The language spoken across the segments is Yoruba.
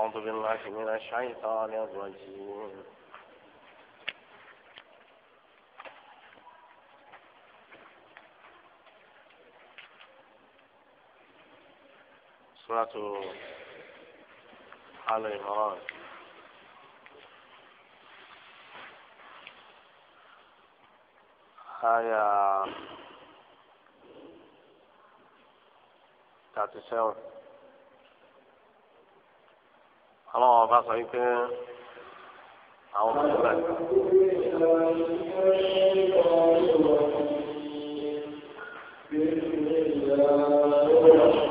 أعوذ بالله من الشيطان الرجيم سورة آل عمران آية 37 àwọn ọba sọ wípé àwọn ọmọ ìgbà tí. Thank you.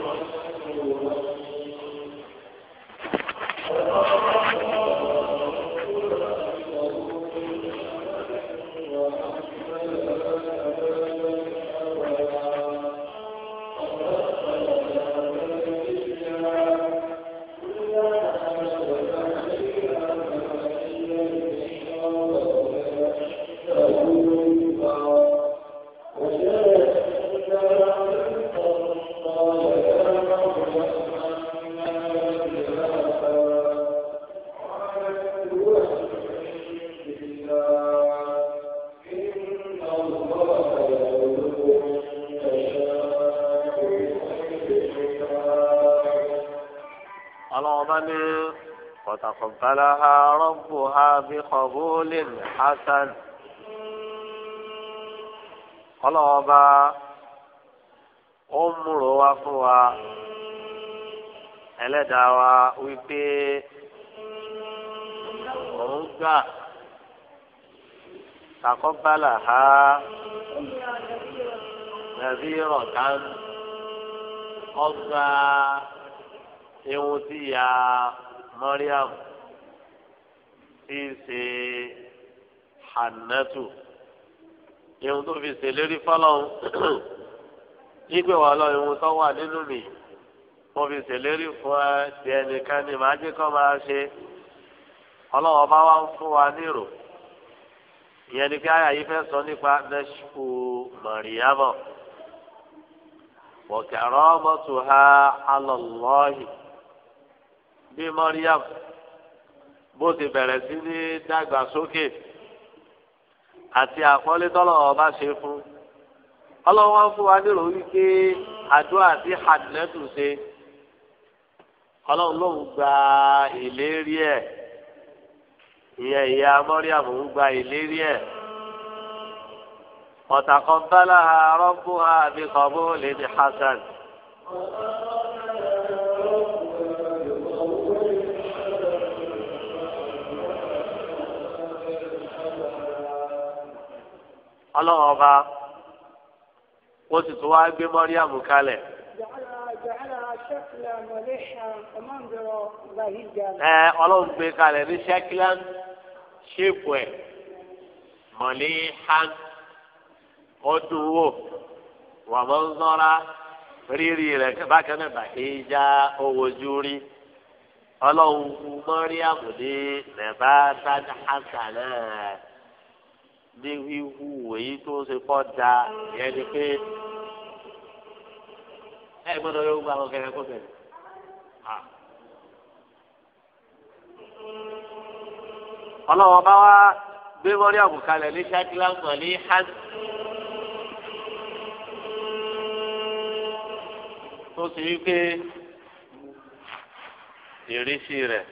hasan ọlọ́ọ̀ba ó ń múrò wá fún wa ẹlẹ́dàá wa wípé òun gbà ha nàbí rọ̀kán ọgbà ewu tí ya mọ́ríàmù tí ṣe. hànẹ́tù irun tó fi ṣèlérí fọlọ́hún ìgbé wà lọ irun tó wà nínú mi mo fi ṣèlérí fún ẹ ti ẹnìkan ni màá jẹ́ kó máa ṣe ọlọ́wọ́ bá wá ń fún wa nírò ìyẹn ni kí àyà yìí fẹ́ sọ nípa nẹ́ṣù mọ̀rìyámọ̀ wọ̀kẹ̀rọ̀ mọ́tò ha alọ́lọ́hì bí ti bẹ̀rẹ̀ sí ní àti àpọ́nlé tọ́lọ̀ ọba ṣe fún ọlọ́run wá fún wa nírò wípé àdúrà tí hadnẹ́tù ṣe ọlọ́run lòún gba ìlérí ẹ̀ ìyẹn ìyá mọ́ríàm ń gba ìlérí ẹ̀ ọ̀tàkọ̀ńbálà rọ́bù àbíkọ̀bù lè ní hasan. ọlọ́run ọba ó sì tún wá gbé mọ́ríàmù kalẹ̀. ẹ ọlọ́run gbé kalẹ̀ ní ṣẹ́kílán ṣèpù ẹ̀ mọ̀lẹ́hán ọdún wò wà mọ́ ń nọ́ra rírì rẹ̀ bákan náà bàkẹ́jà owó ọlọ́run mọ́ríàmù ní ní wíwú èyí tó ṣe kọ́ da ìyẹn ni pé ẹ gbọ́dọ̀ yóò gba àwọn kẹrẹ kó bẹ̀rẹ̀. ọlọ́wọ́n bá wá gbé wọ́rí àbùkalẹ̀ ní ṣáàkìlá sọ ní hàn. tó ṣe wípé ìrísí rẹ̀.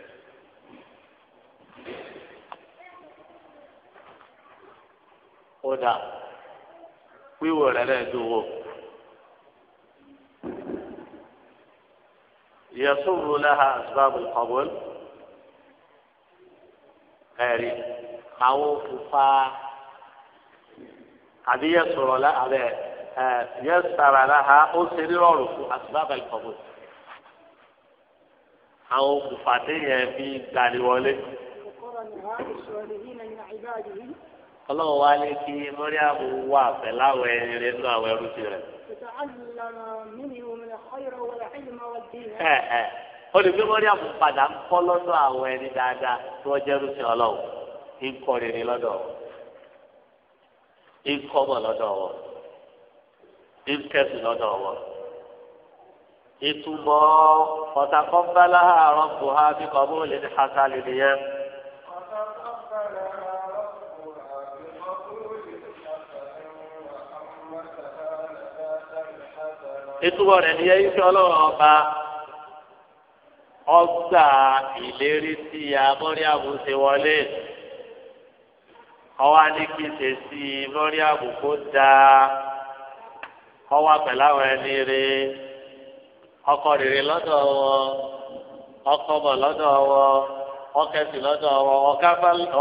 kódà wíwò rẹ̀ náà dùn wò. yẹsùrù lẹ́hà asbábù kọ̀bùn ẹ̀rí àwọn òkùnfà àbí yẹsùrù lẹ́hà bẹ́ẹ̀ yẹsàrà lẹ́hà ó ṣe nírọ̀rùn fún asbábù kọ̀bùn àwọn òkùnfà téèyàn fi gbàlè wọlé. ọlọ́run wá ní kí mọ́ríàmù wà pẹ̀láwọ̀ ẹni rẹ̀ nínú àwọn ẹrú ti rẹ̀. o lè gbé mọ́ríàmù padà ń kọ́ lọ́dọ̀ àwọn ẹni dáadáa tí wọ́n jẹ́rú sí ọlọ́run ń rere lọ́dọ̀ wọn ń kọ́ lọ́dọ̀ wọn lọ́dọ̀ wọn. ìtumọ̀ ọ̀tàkọ́ńbálá ní nìyẹn. ìtumọ̀ rẹ̀ ni ẹ̀yìn tí ọlọ́run ọba ọgbà ìlérí sí amọ́ríàbù ṣe wọlé ọwọ́ aníkì ṣe sí mọ́ríàbù kó dáa ọwọ́ àpẹ̀láwọ̀ ẹni rè ọkọ rere lọ́dọ̀ wọn ọkọ bọ̀ lọ́dọ̀ wọn ọkẹsì lọ́dọ̀ wọn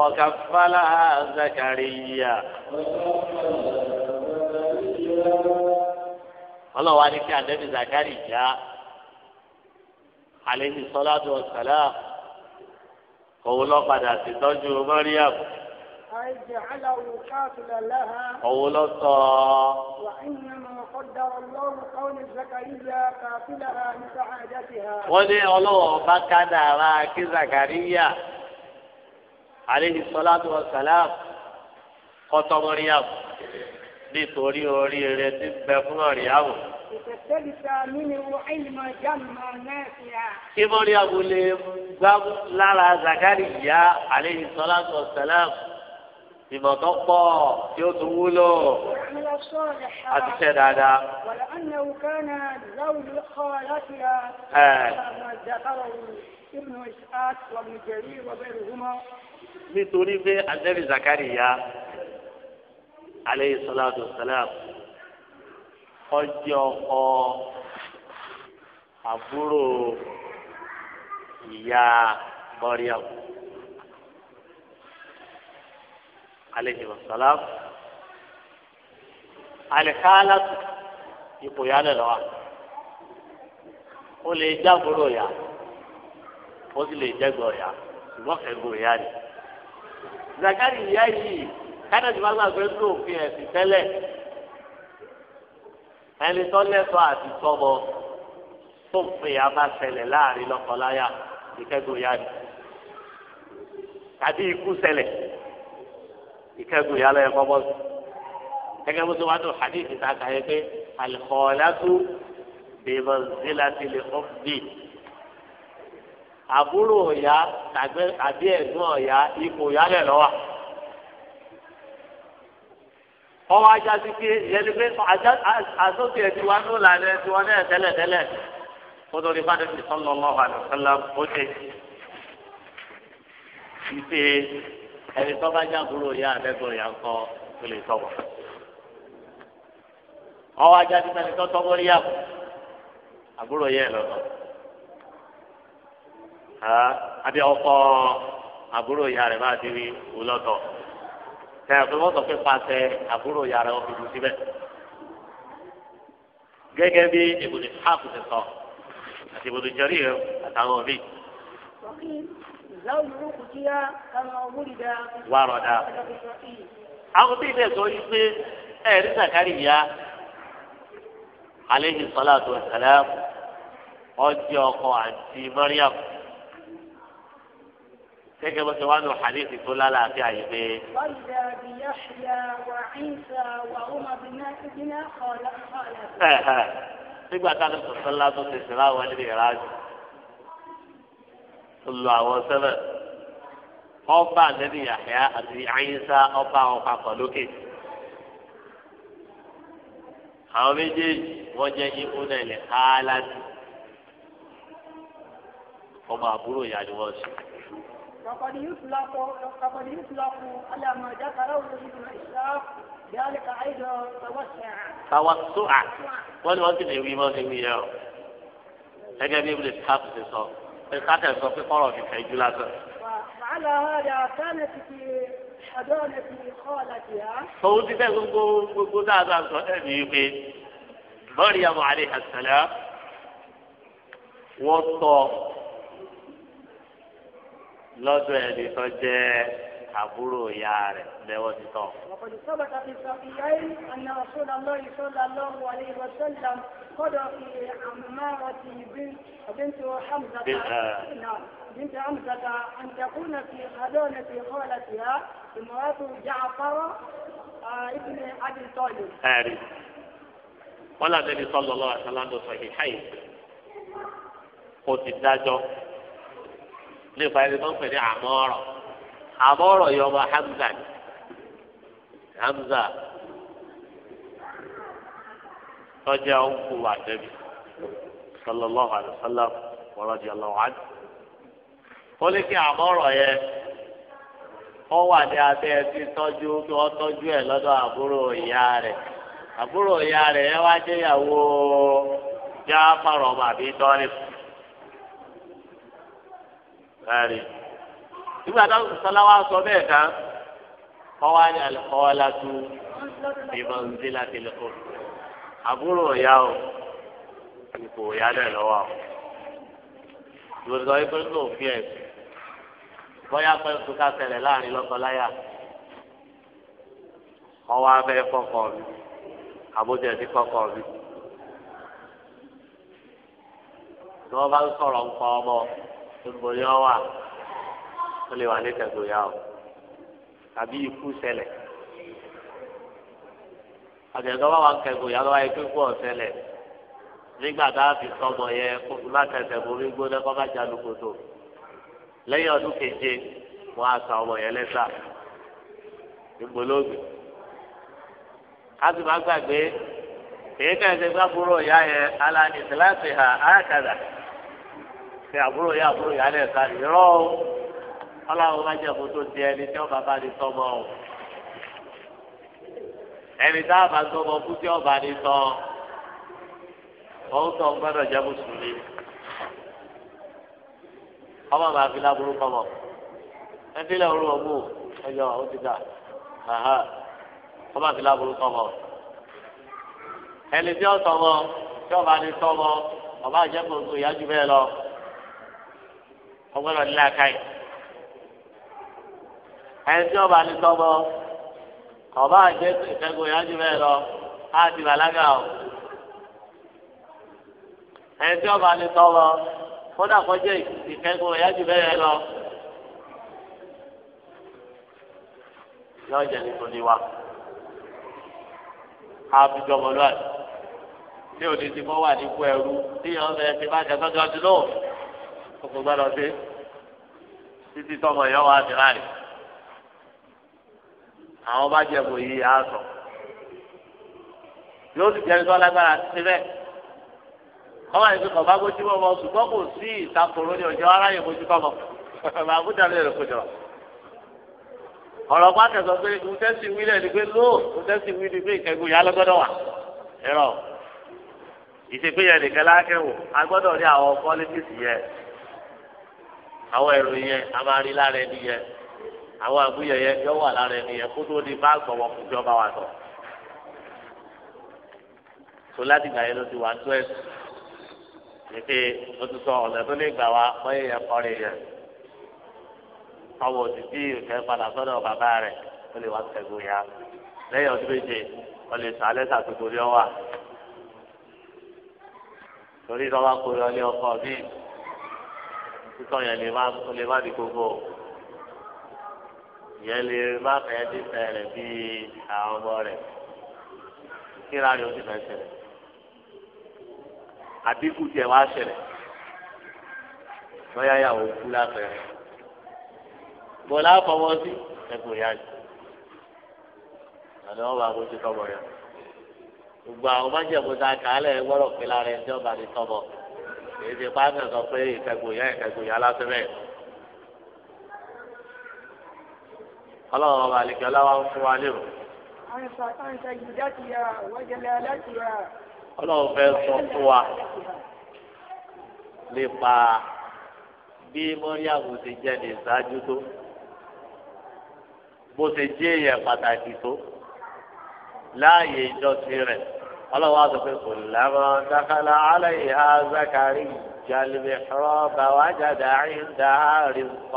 ọkàfàlà zakariya ọlọ́wọ́ á ní kí àdẹ́bí zakari já àlejò sọ́ládùn ọ̀sálà òun lọ padà ṣètọ́jú Mariam. Òun lọ sọ wọ́n ní ọlọ́wọ́ bá kádà ara kí Zakariya aleyhi salatu wa salam kọ́tọ́ Mariam nítorí oríire ti bẹ fún ọ̀rìyáwó. kí mọ́ríyàwó lè gbá lára Zakariya aleyhi salatu wa salam ìmọ̀ tó pọ̀ tí ó tún wúlò àti ṣe dáadáa. nítorí pé ànábì Zakariya aleyhi salatu salam ọjọ́ ọkọ àbúrò ìyá Maryam aleyhi salam alikaalatu ipò yà lẹ lọ wa ó lè já àbúrò yà ó sì lè jẹgbọ yà ṣùgbọ́n ẹgbọ yà ni zakari yà yìí káyọ̀ tí wọ́n gbàgbé ní òfin ẹ̀sìn tẹ́lẹ̀ ẹni tó lẹ́tọ̀ọ́ àti tọ́mọ tó ń pè abá ṣẹlẹ̀ láàrin lọ́kọláya ìkẹ́gùn ya ni tàbí ikú ṣẹlẹ̀ ìkẹ́gùn ya lọ́yẹ kọ́mọ́ sí gẹ́gẹ́ bó ti wá tó hadith ta kà pé alikọ́ọ̀látú bèèmọ̀ zílátì lè fọ́ bí àbúrò ọ̀yá tàbí ẹ̀gbọ́n ọ̀yá ipò ìyálẹ̀ lọ́wọ́ ọwọ́ ajá sí pé yẹni pé àsókè ẹ̀ ti wá ní ìlànà ẹ̀ ti wọ́n náà tẹ́lẹ̀ tẹ́lẹ̀ kó tó ní fàdébí sọ́lọ́ lọ́wọ́ àdùsọ́lá ó ṣe ìṣe ẹni tó bá jágúrò yá àdẹ́gbọ̀n yà ń kọ́ tó lè tọ̀wọ̀. ọwọ́ ajá sí pẹ́ni tó tọ́gbọ́n rí àbò àbúrò yẹ lọ́tọ̀ àbí ọkọ̀ àbúrò yà rẹ̀ bá ti rí òlọ́tọ̀ tẹ̀yà pé wọ́n sọ pé pàṣẹ àbúrò yàrá wọn fìdí síbẹ̀. gẹ́gẹ́ bí ìbùdó ṣáàpù ti sọ àti ìbùdó jẹ́rí rẹ àtàwọn míì. wàrọ̀dà àwọn tí ilé ẹ̀sọ́ yìí pé ẹ̀rí sàkárì yá aleyhi salatu wa salam ọjọ́ ọkọ àti mariam gẹ́gẹ́ bó ṣe wá ní hadithi tó lálàáfíà yìí pé. nígbà táwọn sọ̀tọ́lá tó ti sìnrà wọn níbi ìrájù tó lo àwọn sẹ́fẹ̀ ọba àdẹ́bí Yahya àti Ayisa ọba àwọn papọ̀ lókè. àwọn méjèèjì wọ́n jẹ́ ikú náà lè ká láti ọmọ àbúrò ìyá ni wọ́n sùn. وقد يطلق وقد يطلق على ما ذكره ابن اسحاق ذلك ايضا توسع توسع wọn ni wọn ti lè wí mọ ewu yẹn o gẹ́gẹ́ bí ibùdó isaac ti sọ isaac ti sọ pé kọrọ fi fẹ jù lásán. wàhálà ọ̀dà kánà ti fi ọ̀dọ́ rẹ̀ fi kọ́ láti yá. òun ti fẹ́ gbogbo gbogbo dáadáa sọ ẹ̀ ní pé mọ́ríyàmù alẹ́ àṣàlẹ́ wọ́n sọ lọ́dọ̀ ẹni tó jẹ́ àbúrò ìyá rẹ̀ lẹ́wọ́ ti tọ̀. ọ̀pọ̀lọpọ̀ sábà tàbí sọ̀rọ̀ ìyá yìí àná ọ̀ṣọ́lá lọ́yìn sọ́lá lọ́wọ́ àlẹ́ ìwọ̀sọ́lá kọ́dọ̀ fi àmàrọ̀ ti bíntu hamzata بنت عمزة أن تكون في خلونة خالتها امرأة جعفر ابن أبي طالب. ولا النبي صلى الله عليه وسلم صحيحين. قلت الدجاج nípa ẹni tó ń pè ní àmọ́rọ̀ àmọ́rọ̀ yọ ọmọ Hamza ni Hamza tọ́jú àwọn kú àtẹ́bí sallallahu alayhi wa sallam wa radiyallahu anhu. ó ní kí àmọ́rọ̀ yẹn ó wà ní abẹ́ ti tọ́jú kí wọ́n tọ́jú ẹ̀ lọ́dọ̀ àbúrò ìyá rẹ̀ àbúrò ìyá rẹ̀ yẹn wá jẹ́yàwó jáfàrọ̀ bàbí tọ́lẹ̀ láàrin nígbà táwọn sọlá wa sọ bẹ́ẹ̀ kan kọwa ni alikọwala tu ìmọ̀ nzila tẹlifon àbúrò ọ̀yá o ipò ọ̀yá náà lọ́wọ́ o ìwòsàn ìgbẹ́ ní òfin ẹ̀ bóyá pé oṣù ká ṣẹlẹ̀ láàrin lọ́kọláyà ọwọ́ abẹ́ kọ́kọ́ mi àbójẹ́ ti kọ́kọ́ mi ni wọ́n bá ń sọ̀rọ̀ ń pa ọmọ. gbogbo yọ wà ó lè wà o tàbí ikú ṣẹlẹ̀ àtẹ̀tọ́ bá wà ń kẹ̀gbọ̀yà nígbà tá a fi sọmọ yẹ kó má tẹ̀sẹ̀ borí gbóná kó má jà lukoto lẹ́yìn keje wọ́n á sa ọmọ yẹn lẹ́sà ìgbòlógbè gbàgbé èyí kẹ́hìndé gbàgbóró alani ṣe àbúrò yá àbúrò yá lẹ̀ ká ìrọ̀ o ọlọ́run má jẹ́ kó di ẹni tí ọba bá di sọmọ o ẹni tá a bá sọmọ kú tí ọba di sọ òun tó gbọ́dọ̀ jẹ́ mùsùlùmí ọmọ màá fi láburú kọmọ ẹni tí lè rú ọmú ẹyọ ó ti dà ọmọ fi láburú kọmọ ẹni tí ó sọmọ tí ọba di sọmọ ọba jẹ́ kó yájú bẹ́ẹ̀ lọ ọgbọ́dọ̀ ní làákàyè ẹni ọba ní tọ́gbọ́ ọba àjẹ ìṣẹ́gun ìyájú bẹ́ẹ̀ lọ á ti o ẹni ọba ní tọ́gbọ́ kódà kọjá ìṣẹ́gun ìyájú bẹ́ẹ̀ lọ lọ́jọ́ ní tó ní wa àbújọ bọ̀lúwà tí òní ti bọ́ wà ní kú ẹrú tí ọ̀bẹ ti bá jẹ́ sọ́jọ́ ọdún náà kókó gbọ́dọ̀ sí títí tọmọ yẹn wà sí láàyè àwọn bá jẹ bòye yìí á sọ yóò sì jẹrìí tó lágbára síbẹ̀ ọmọ yìí kò bá gbójú mọ́ ọmọ ṣùgbọ́n kò sí ìtakùrọ̀ ní ọjọ́ aráyè mójú kọ́ mọ́ màá kú dàrú ẹ̀rọ kọjọ ọ̀rọ̀ pàtẹ sọ pé ntẹ́sí wílẹ̀ ni pé lóò ntẹ́sí wí ni pé ìkẹ́gun yà lọ́gọ́dọ̀ wà ẹ̀rọ ìṣèpéyẹ nìkan lákẹ́wò agbọ́dọ̀ ní àwọn pọ́lítíìsì yẹn àwọn ẹrù yẹn a máa rí lára ẹni yẹn àwọn àbúyẹ yẹn yọ wà lára ẹni yẹn kó tó di bá gbọwọ fún jọba wa sọ tó láti gbà yẹn ló ti wà tó ẹ pépé ó ti sọ ọ̀nà tó lè gbà wá mọ́yé yẹn kọ́rin yẹn àwọn òtítí ìfẹ́ padà sọ́dọ̀ bàbá rẹ̀ ó lè wá sẹ́gun yá lẹ́yìn ọdún méje wọ́n lè sàlẹ̀ sàtòkòrí ọ wà torí lọ́wọ́ kórè ọlé ọkọ bíi títọ́ yẹn lè má lè má di gbogbo yẹn lè má fẹ́ dísẹ́ rẹ̀ bí àwọn ọmọ rẹ̀ kíra rẹ̀ ó ti fẹ́ ṣẹlẹ̀ àdínkù tiẹ̀ wá ṣẹlẹ̀ lọ́yà yàwó kú láfẹ̀ẹ́ bọ́lá fọwọ́ sí ẹ̀kọ́ yá jù àná wọn bá bójú tọmọ yẹn gbogbo àwọn májèkúta kàálẹ̀ gbọ́dọ̀ pé lára ẹni tí wọ́n bá ti tọmọ èdè pàṣẹ sọ pé ìkẹgbòyà ìkẹgbòyà alásẹ́bẹ̀. ọlọ́run ọba àlejò ọlá wa ń fún wa lérò. ọlọ́run fẹ́ sọ fún wa nípa bí mọ́ríàmù ti jẹ́ ní ìṣáájú tó bó ṣe jẹ́ èèyàn pàtàkì tó láàyè ìjọsìn rẹ̀ ọlọ́wọ́ àtọ́fẹ́ kò lábọ́ dákàlà alẹ́ ìhà zákàrí jalibi xọ́rọ́ bàwá jáde àyíǹda rìkọ́.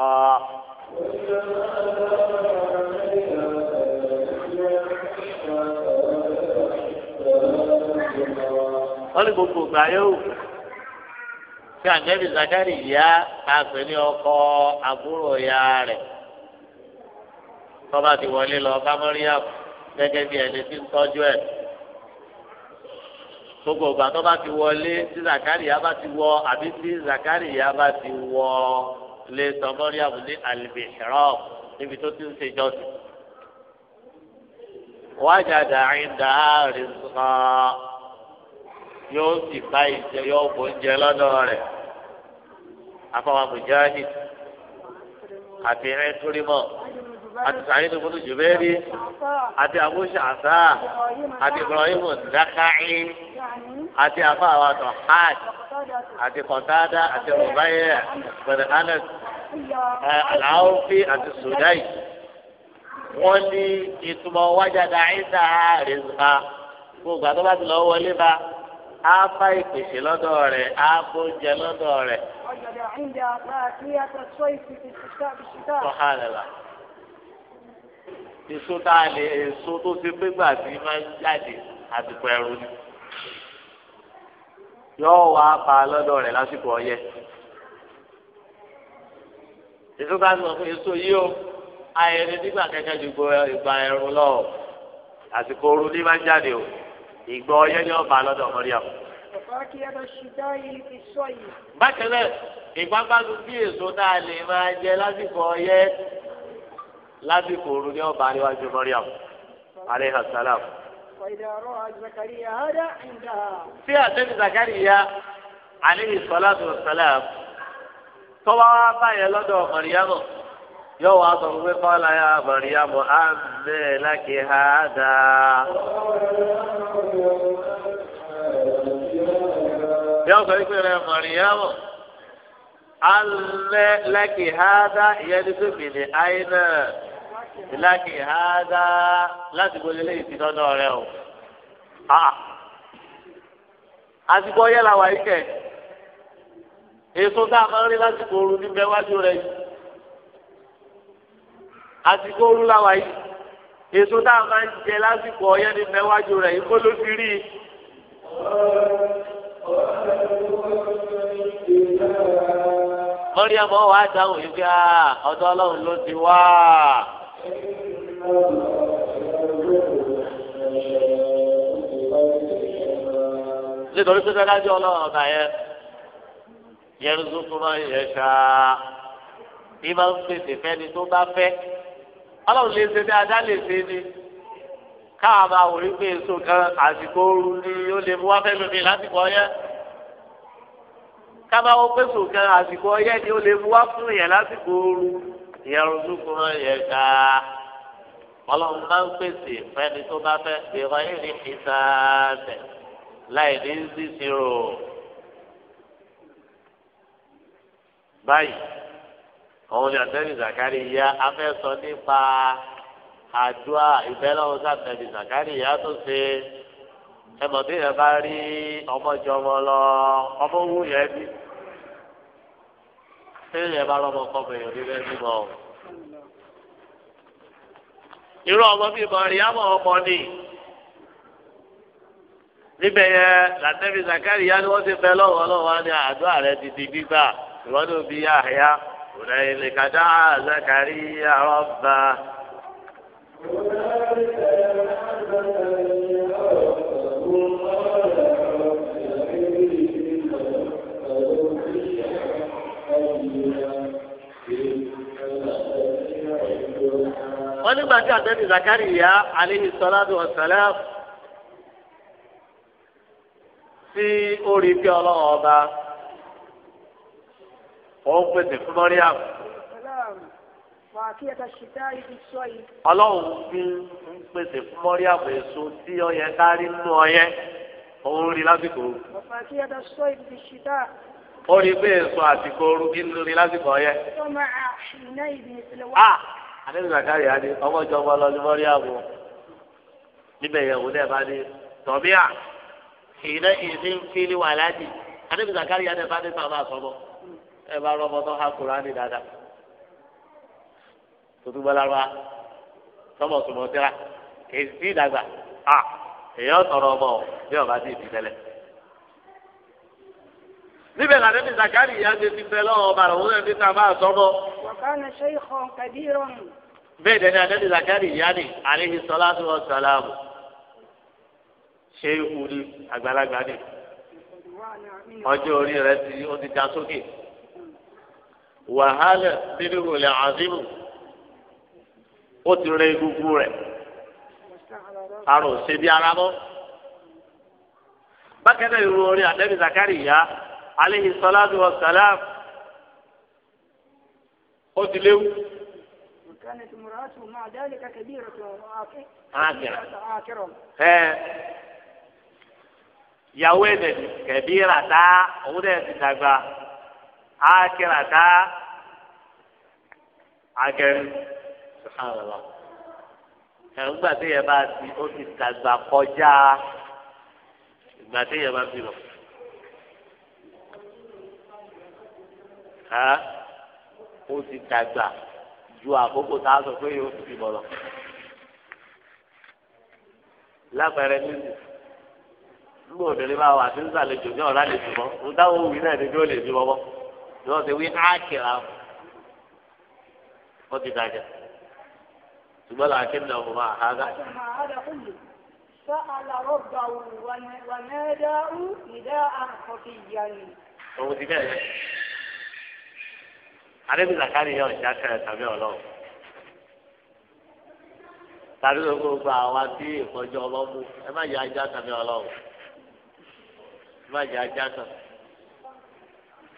wọ́n ní gbogbo ìgbà yóò fi àjẹbí zakari yá àpè ní ọkọ àbúrò ya rẹ̀ tọ́ba ti wọlé lọ bá mọ́ríyàmù gẹ́gẹ́ bí ẹni tí ń tọ́jú ẹ̀ gbogbo ọgbà tó bá ti wọlé tí zakariya bá ti wọ àbí tí zakariya bá ti wọ lé sọmọríàmù ní alìbìṣẹ́rọ̀ níbi tó ti ń ṣe jọ́sìn. wájàdà àyìndà rìsọ̀ yóò sì bá ìjẹ yóò bó ń jẹ lọ́dọ̀ rẹ̀ afọwọ́ mujahid àti ẹ̀ńtúrímọ̀ àti sàyìn tó gbọdọ̀ jùbẹ́rì àti àbúṣe àṣà àti ibrahim dákàáyé àti afa àwọn àtọ̀ hajj àti kọ̀tádà àti rúbáyé pẹ̀lú anas eh, aláwọ̀fí àti sùdáì wọ́n ní ìtumọ̀ wájà dá ìta rìzùkà gbogbo àtọ́bá ti lọ wọlé bá á fá ìpèsè lọ́dọ̀ rẹ̀ á kó jẹ lọ́dọ̀ rẹ̀. ọ̀jọ̀dọ̀ èso tá a lè èso tó ṣe pé gbà tí máa ń jáde àsìkò ẹ̀rù ni yóò wá pa lọ́dọ̀ rẹ̀ lásìkò ọyẹ èso tá a sọ fún èso yìí o ayẹyẹ nígbà kẹkẹ ju ìgbà ẹ̀rù lọ àsìkò ooru ní máa ń jáde o ìgbà ọyẹ ni ọba lọ́dọ̀ mọríà bákan náà ìgbàgbọ́ bí èso tá a lè máa jẹ lásìkò ọyẹ lásìkò òru ni ọba níwájú Mariam aleyha salam. tí àtẹ́bí Zakariya aleyhi salatu wa salam tọ́wọ́ wá báyẹn lọ́dọ̀ Mariam yóò wá sọ fún mi kọ́lá ya Mariam àmì lákì hàdà. yóò sọ wípé rẹ Mariam àmì lákì hàdà ìyẹn ní sọ́kì ní àyínà ìlàkì hàdá láti gbọ́dọ̀ lè ti tọ́dọ̀ rẹ o. Ah. àsìkò ọyẹ́ làwà yìí kẹ̀ èso tá a máa ń rí lásìkò ooru níbẹ̀ wájú rẹ yìí àsìkò ooru làwà yìí èso tá a máa ń jẹ lásìkò ọyẹ́ níbẹ̀ wájú rẹ yìí kó ló ti rí i. mọ́ríàmọ́ wàá dáhùn yìí pé ah, ọ̀dọ̀ ọlọ́run ló ti wá nítorí pé dájú ọlọ́run ọ̀nà yẹn yẹn zukuru yẹn ṣáá bí máa ń pèsè fẹ́ni tó bá fẹ́ ọlọ́run lè ṣe dáadáa lè ṣe ni káwa máa wò wípé èso kan àsìkò ooru ni ó lè mú wá fẹ́ lásìkò ọyẹ́ káwa wọ́n pèsè kan àsìkò ọyẹ́ ni ó lè mú wá fún yẹn lásìkò ooru yẹrùdúkú náà yẹ ká ọlọ́run bá ń pèsè fẹ́ni tó bá fẹ́ ìwọ ìrìn ìsáàbẹ̀ láì ní sísirò báyìí òun ni àtẹ́bí Zakariya afẹ́sọ nípa àdúrà ìbẹ́lẹ́wọ̀n sàtẹ́bí Zakariya tó ṣe ẹ̀mọ̀tẹ́yẹ bá rí ọmọ jọmọ lọ ọmọ wúyẹ bíi. téèyàn bá rọ́mọ kọ́mọ èèyàn ní bẹ́ẹ̀ bímọ o. irú ọmọ bímọ ìyáàmọ̀ ọmọ ni níbẹ̀ yẹn làtẹ́bí Zakariya ni wọ́n ti bẹ lọ́wọ́ lọ́wọ́ ni àdúrà rẹ ti di gbígbà òbí kàdá nígbà tí àtẹ́bí Zakariya aleyhi salatu wa salam tí ó rí bí ọlọ́wọ́ ọba ó ń pèsè fún Mariam. ọlọ́run bí ń pèsè fún Mariam èso tí ọyẹ kárí nínú ọyẹ òun rí lásìkò. ó rí pé èso àsìkò orú kí ń rí lásìkò ọyẹ. àdéhùn zakari yá ni ọmọ ìjọba ọlọ́ni mọ́rí àbò níbẹ̀ yẹn òun náà bá ní tọ́míà ìdá ìdí ń fi ní ni tó ha kura ní dada tuntun bọ́lá wa sọmọ sọmọ tẹ́ra èsì ìdàgbà à sọ̀rọ̀ ọmọ bí ọba ti níbẹ̀ làdé mi zakari yá ṣe ti bẹ lọ́wọ́ ọba rẹ̀ òun náà ní ká máa sọ́mọ́. bẹ́ẹ̀ dẹ́ni adé mi zakari yá ni àlehi sọláṣí wọn sàlámù ṣé ikú ni àgbàlagbà ni ọjọ́ orí rẹ̀ ti ó ti ga sókè wàhálà nínú ìròlẹ̀ azimu ó ti rẹ egungun rẹ̀ àrùn ṣe bí ara mọ́ bákẹ́lẹ́ ìrù orí adé zakari yá. عليه الصلاة والسلام قلت له وكانت امرأته مع ذلك كبيرة وآكرة آكرة ها يا ويلي كبيرة تا ودي تتابع آكرة تا آكرة سبحان الله ẹgbàdéyàbá ti ó ti tàgbà kọjá ẹgbàdéyàbá fi lọ. ó ti dàgbà ju àkókò tá a sọ pé yóò fi bọ̀ lọ. lápẹẹrẹ níbi nígbà obìnrin bá wà sí nsàlejò ní ọ̀rá lè fi mọ́ mo dáwọ́ òwì náà ní bí ó lè fi mọ́ ni wọ́n ti wí ákìlá wọ́n ti dàgbà ṣùgbọ́n làákì ń dàgbà máa ha gá. فعل ربه وناداه نداء خفيا àdébí zakari yọ ìjà kẹrẹ tàbí ọlọ́run tàbí gbogbo àwa tí ìkọjọ ọlọ́mú ẹ má jẹ ajá tàbí ọlọ́run ẹ má jẹ ajá kan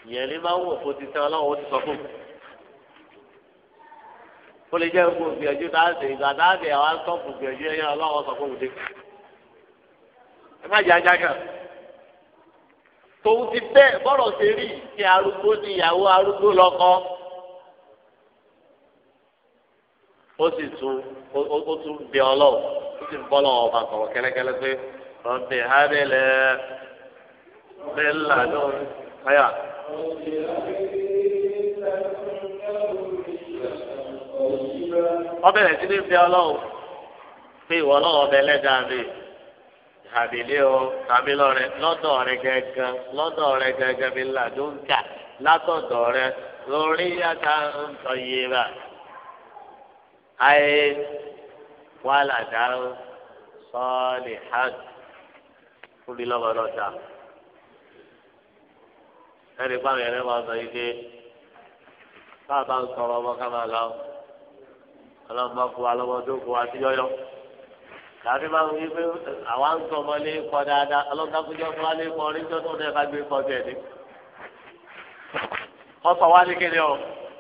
ìyẹn ní máa ń wò fún títẹ ọlọ́run ó ti sọ fún mi ó lè jẹ́ gbogbo ìgbìyànjú dáàbì ìgbà dáàbì àwa ń tọ́ gbogbo ìgbìyànjú ẹ̀yẹ ọlọ́run sọ fún mi dé ẹ má jẹ ajá kan tòun ti bẹ́ẹ̀ bọ́rọ̀ ṣe rí kí arúgbó ní ìyàwó arúgbó lọ́kọ́. ó sì tún ó tún bẹ ọlọ́wọ́ ó sì bọ́ lọ́wọ́ ọba sọ̀rọ̀ kẹ́lẹ́kẹ́lẹ́ pé ọ̀bẹ hábẹ́lẹ́ bẹ́ẹ̀ lànà káyà. ọbẹ̀ rẹ̀ sí ní bẹ ọlọ́wọ́ pé ìwọ ọlọ́wọ́ ọbẹ̀ lẹ́dàá mi àbílẹ̀ o tàbí lọ́rẹ̀ lọ́dọ̀ rẹ̀ gẹ́gẹ́ lọ́dọ̀ rẹ̀ gẹ́gẹ́ bí làdúnkà látọ̀dọ̀ rẹ̀ lórí yàtà ń tọ́ yé báyìí. ayé wàhálà dáró sọ́ọ̀lì hajj fúli lọ́gọ́dọ́ta ẹni pàmì ẹ̀rẹ́ máa sọ yìí pé bàbá ń sọ̀rọ̀ ọmọ ká lọ ọlọ́mọ wa lọ́mọ máa ń wí pé àwa ń sọ ọmọ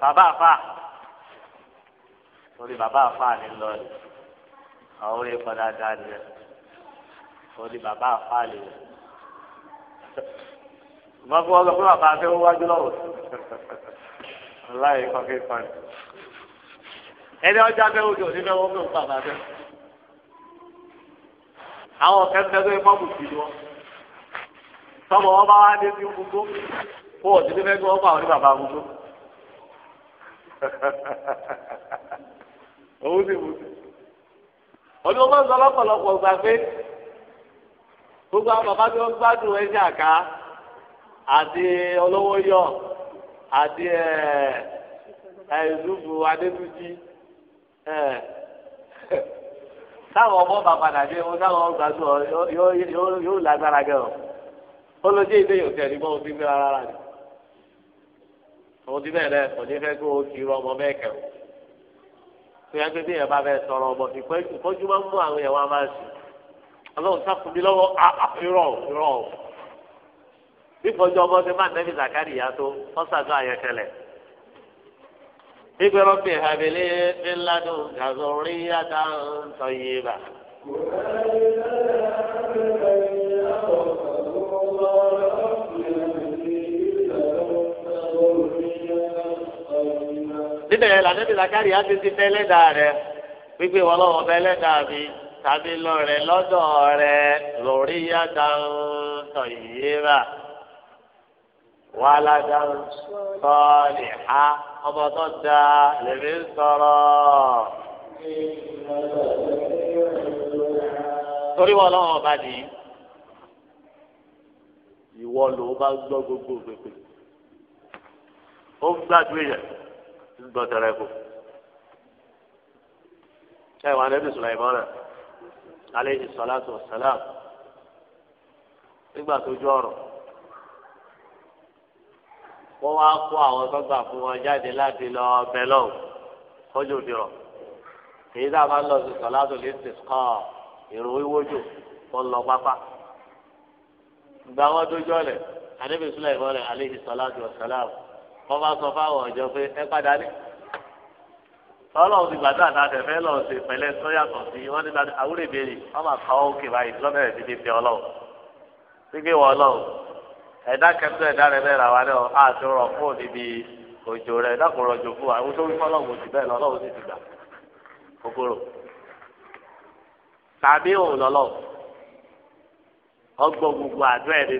dáadáa torí bàbá àfáàní lọ rẹ àwọn orí kan dáadáa rẹ torí bàbá àfáàní rẹ wọn fún ọgbẹ fún bàbá afẹ wájú lọ́wọ́ láyé kọfí kan ẹni ọjà bẹ wọjọ níbẹ̀ wọn fún bàbá afẹ àwọn kẹfẹ tó yẹ kọ ni wọn tọmọ wọn bá dé sí gbogbo kó o ti wọn bá wọn bàbá gbogbo. òun sì wùsì. ọdún wọn sọ lọ́pọ̀lọpọ̀ gbà pé gbogbo àwọn bàbá tí wọ́n gbádùn ẹ̀ṣẹ̀ àká àti olówó yọ àti ẹ̀ẹ́dùfù adétúnjì táwọn ọmọ bàbá dàbí wọn táwọn ọgbà tó yóò lágbára gẹ ọ olójú ìdè yóò tẹ̀lé mọ́ òbí mi rárá ni òun ti bẹ̀rẹ̀ kò onye kó o kiri ọmọ o. fìyà pé bí ẹ̀bá bẹ́ẹ̀ sọ̀rọ̀ ọmọ ìfọ́jú máa ń mú àwọn ẹ̀wọ̀n máa sùn ọlọ́run sáfùmí lọ́wọ́ ah, ah, irọ́ irọ́ ìfọ́jú ọmọ ṣe máa nẹ́bí zakari yá tó ọ̀sàdó àyẹ̀kẹlẹ̀ ìgbẹ́rọ̀ bíi habili ńlá dùn gàzọ̀rí yàtà ń tọ́ yé bá. níbẹ̀ yẹn lànà bí zakari á ti ti fẹ́ lẹ́dàá rẹ wípé wọn lọ́wọ́ fẹ́ lẹ́dàá mi tàbí lọ́rẹ̀ lọ́dọ̀ rẹ lórí yàtà ń tọ̀ yìí rà wàlàdà ń sọ nìha ọmọ tó da lèmi ń sọ̀rọ̀. torí wọn lọ́wọ́ bá nìyí ìwọ ló bá gbọ́ gbogbo pépè ó ń gbàdúrà yẹn gbọ́ tẹ̀rẹ̀ kù. ẹ wà nẹ́bí sùlẹ̀mọ́n náà aleyhi salatu wasalam nígbà tó jọ ọ̀rọ̀ wọ́n wá kó àwọn sọ́gbà fún wọn jáde láti lọ bẹ́lọ̀ kọjú òdìrọ̀ èyí tá a máa ń lọ sí sọ̀látò lẹ́sìn kọ́ ìrùn wíwójú wọ́n lọ pápá. ìgbà wọn tó jọ lẹ̀ anábì sùlẹ̀mọ́n náà aleyhi salatu wasalam. kọ́ bá sọ fáwọn ọ̀jọ́ pé ẹ padà ní. ọlọ́run ti gbàdúrà náà tẹ̀fẹ́ lọ sí pẹ̀lẹ́ tó sí wọ́n ní láti àwúrò ìbéèrè wọ́n máa kọ́ òkè báyìí lọ́nà ẹ̀sìn ti fi gbígbé wọ rẹ bẹ́ẹ̀ níbi òjò rẹ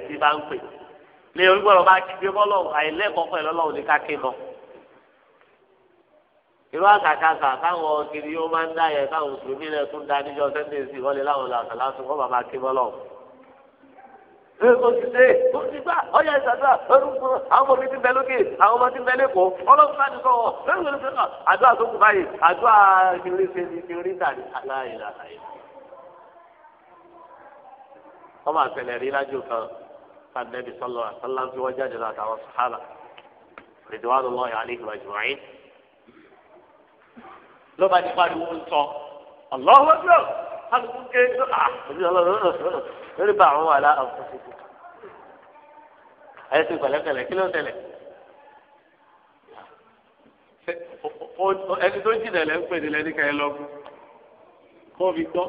fún tó lè orígbọ́dọ̀ bá ti gbé bọ́lọ̀ àìlẹ́kọ̀ọ́ pẹ̀lú ọlọ́run ní káké bọ́. irú àkàkàkà táwọn kiri yóò máa ń dá yẹn táwọn mùsùlùmí rẹ̀ tún da níjọ sẹ́ńtẹ̀sì wọlé láwọn làṣà lásán kọ́ bàbá ké bọ́lọ̀. o ti dé o ti gbà ọyà ìsàdúrà orúkọ àwọn ọmọ mi ti bẹ lókè àwọn ọmọ ti bẹ lẹ́kọ̀ọ́ ọlọ́run bá ti sọ wọ àdúrà tó kù ọmọ àtẹlẹ rí lájú kan sanabi sallallahu alaihi wa sallam fi wọ́n jáde láti àwọn sàhábà ridwanullahi alaihim ajma'in ló bá ti pariwo ń sọ Allahu akbar alùpùpù ké ah, àbí ọlọ́run lórí bá àwọn wàhálà àfọ̀sọ̀tò ayé ti pẹ̀lẹ́pẹ̀lẹ́ kí ló tẹ̀lẹ̀ ẹni tó jìnnà lẹ́ ń pè ní lẹ́ni ká ẹ lọ́gùn kó fi gbọ́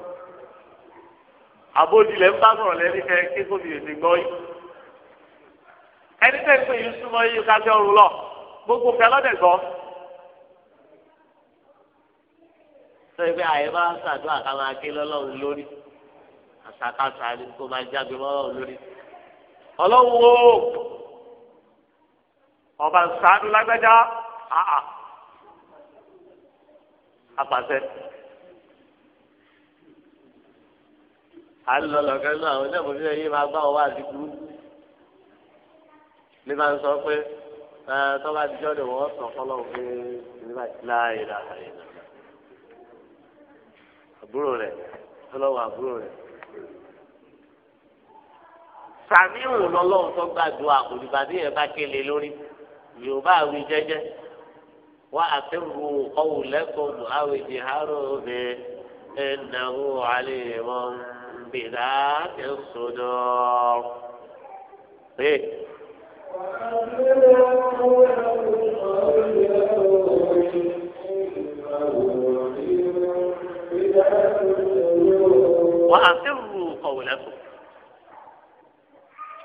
àbódì lẹ́ ń bá sọ̀rọ̀ lẹ́ni ká ẹ ké kó fi èsì gbọ́ yìí ẹni tẹ̀ ń pè yín súnmọ́ yín ká fẹ́ ọrùn lọ gbogbo fẹ́ lọ́dẹ̀ gbọ́. sọ pé àyè máa ń ṣàdúrà ká máa gé lọ́lọ́run lórí àṣàkáṣà ni kó máa jágbe lọ́lọ́run lórí. ọlọ́run o ọba ń ṣàánú lágbájá àà apàṣẹ. àlọ́ lọ́kẹ́ náà àwọn onímọ̀ nílẹ̀ yìí máa gbá ọ àdìgún ní bá ń sọ pé tọ́ba ti jọ́dọ̀ wọ́n sọ fọlọ́ pé nígbà tí láàyè láàyè náà àbúrò rẹ̀ ọlọ́wọ́ àbúrò rẹ̀ sàmíhùn lọ́lọ́run tó gbàdúrà òdìbàdì yẹn bá kéle lórí yorùbá àwí jẹ́jẹ́ wá àtẹ̀wò ọ̀hún lẹ́kọ̀ọ́ àwì jìhárò bẹ ẹnáwó alẹ́ wọn bìlá ẹ̀sọ́dọ̀. wọ́n á fẹ́ ru ọ̀wọ̀ lẹ́kọ̀ọ́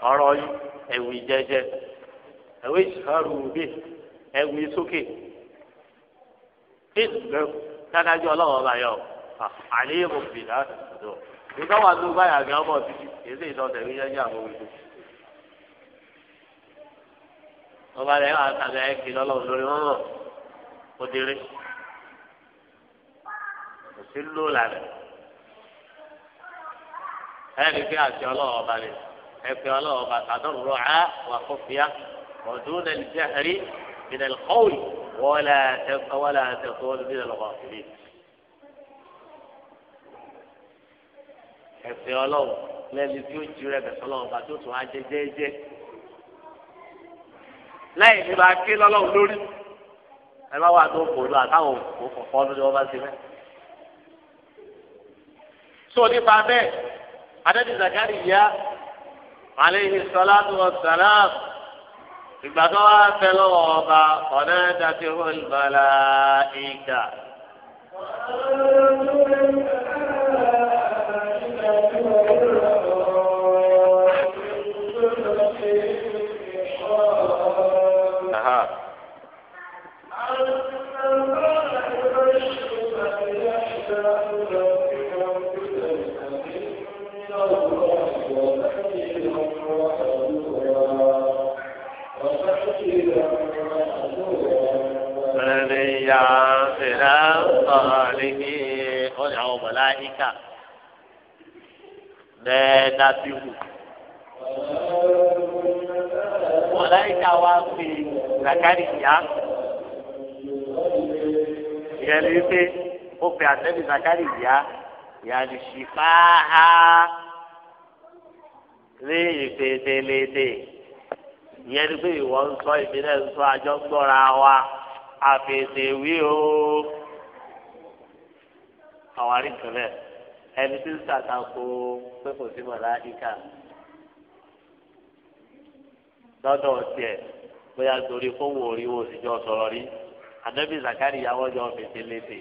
ọ̀rọ̀ yìí ẹ̀wì ìṣòro bí ẹ̀wì bá yọ àlẹ́ ìmọ̀ bìlá ìdọ̀ ìdọ́wà tó báyà gẹ́ ọmọ títí èsì ìdọ̀ tẹ̀wé jẹ́jẹ́ àwọn òwe ọba rẹ̀ wà sàgbà ẹ̀ kì lọ́lọ́run lórí wọn mọ̀ kó déré kò sí ló lànà ẹ̀rí pé àti ọlọ́wọ́ ọba rẹ̀ ẹ̀fẹ̀ ọlọ́wọ́ ọba tàdọ́rù rọ̀ á wà kó fìyà ọ̀dún náà lè jẹ́ ẹ̀rí ìdẹ̀lẹ̀ kọ́wì wọ́lá wọ́lá tẹ̀kọ́ ìdílé lọ́wọ́ ìdílé. ẹ̀fẹ̀ ọlọ́wọ́ lẹ́ni tí ó jí rẹ̀ bẹ̀ sọ́lọ́wọ́ ọba tó tún á jẹ́ jẹ́ẹ́jẹ́ láì ní bá ké lọ́lọ́run lórí ẹ bá wà tó kò lọ àtàwọn òkú kọ̀ọ̀kan lórí wọn bá ṣe bẹ́ẹ̀. tó nípa bẹ́ẹ̀ adẹ́ni Zakariya aleyhi salatu wa salam ìgbà tó wá fẹ́ lọ́wọ́ ọba ọ̀nà dàtí olùbàlà ìgbà. àyíká bẹ́ẹ̀ dábìwù. Mọ̀láyíká wa fi Zakari yá. Ìyẹn ni wípé ó fi àtẹ́bí Zakari yá. Ìyá ni ṣìfáhá ní ìfèdèlédè. Ìyẹn ni pé ìwọ ń sọ ìbílẹ̀ ń sọ àjọ gbọ́ra wa. Àfèdèwí o. Àwọn àríkùnrin ẹni tí ń sàtakò pé kò sí màláìka lọ́dọ̀ tiẹ̀ bóyá torí fóun ò rí wọn sì jọ sọ̀rọ̀ rí ànábì zakari yà wọ́n jọ fèsì létè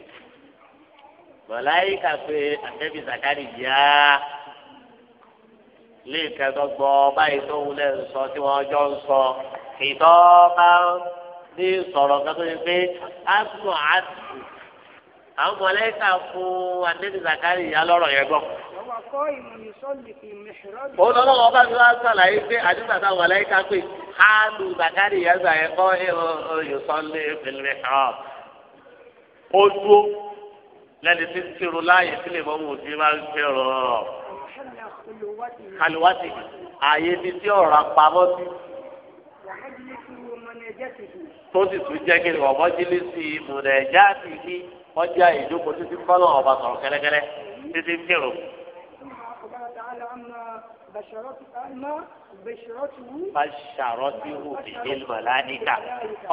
màláìka pé ànábì zakari yá léèkẹ́ tó gbọ́ báyìí tó wulẹ̀ ń sọ tí wọ́n jọ ń sọ ìtọ́ bá ní sọ̀rọ̀ kan tó yẹ pé á tún àtúntò àwọn mọ̀lẹ́kà fún anẹ́ni zakari ìyá lọ́rọ̀ yẹn gbọ́. òun lọ́wọ́ wọn bá mi wá sàlàyé pé àdúgbà táwọn mọ̀lẹ́kà pé hálù zakari ìyá zà yẹn kọ́ ìyọ̀sọ́lé ìpínlẹ̀ ọ̀. ó dúró lẹ́ni tí ń kírun láàyè sílẹ̀ mọ́mú tí máa ń kírun ọ̀. ààyè ibi tí ọ̀rọ̀ apamọ́ sí tó sì tún jẹ́ kí ọ̀mọ́jílẹ́sì mùnẹ̀jáde ní ọjà ìjókòó títí fọlọ́ ọba sọ̀rọ̀ kẹ́lẹ́kẹ́lẹ́ títí ń kírun. Bàṣàrọ́tìwù bìbí màláníkà.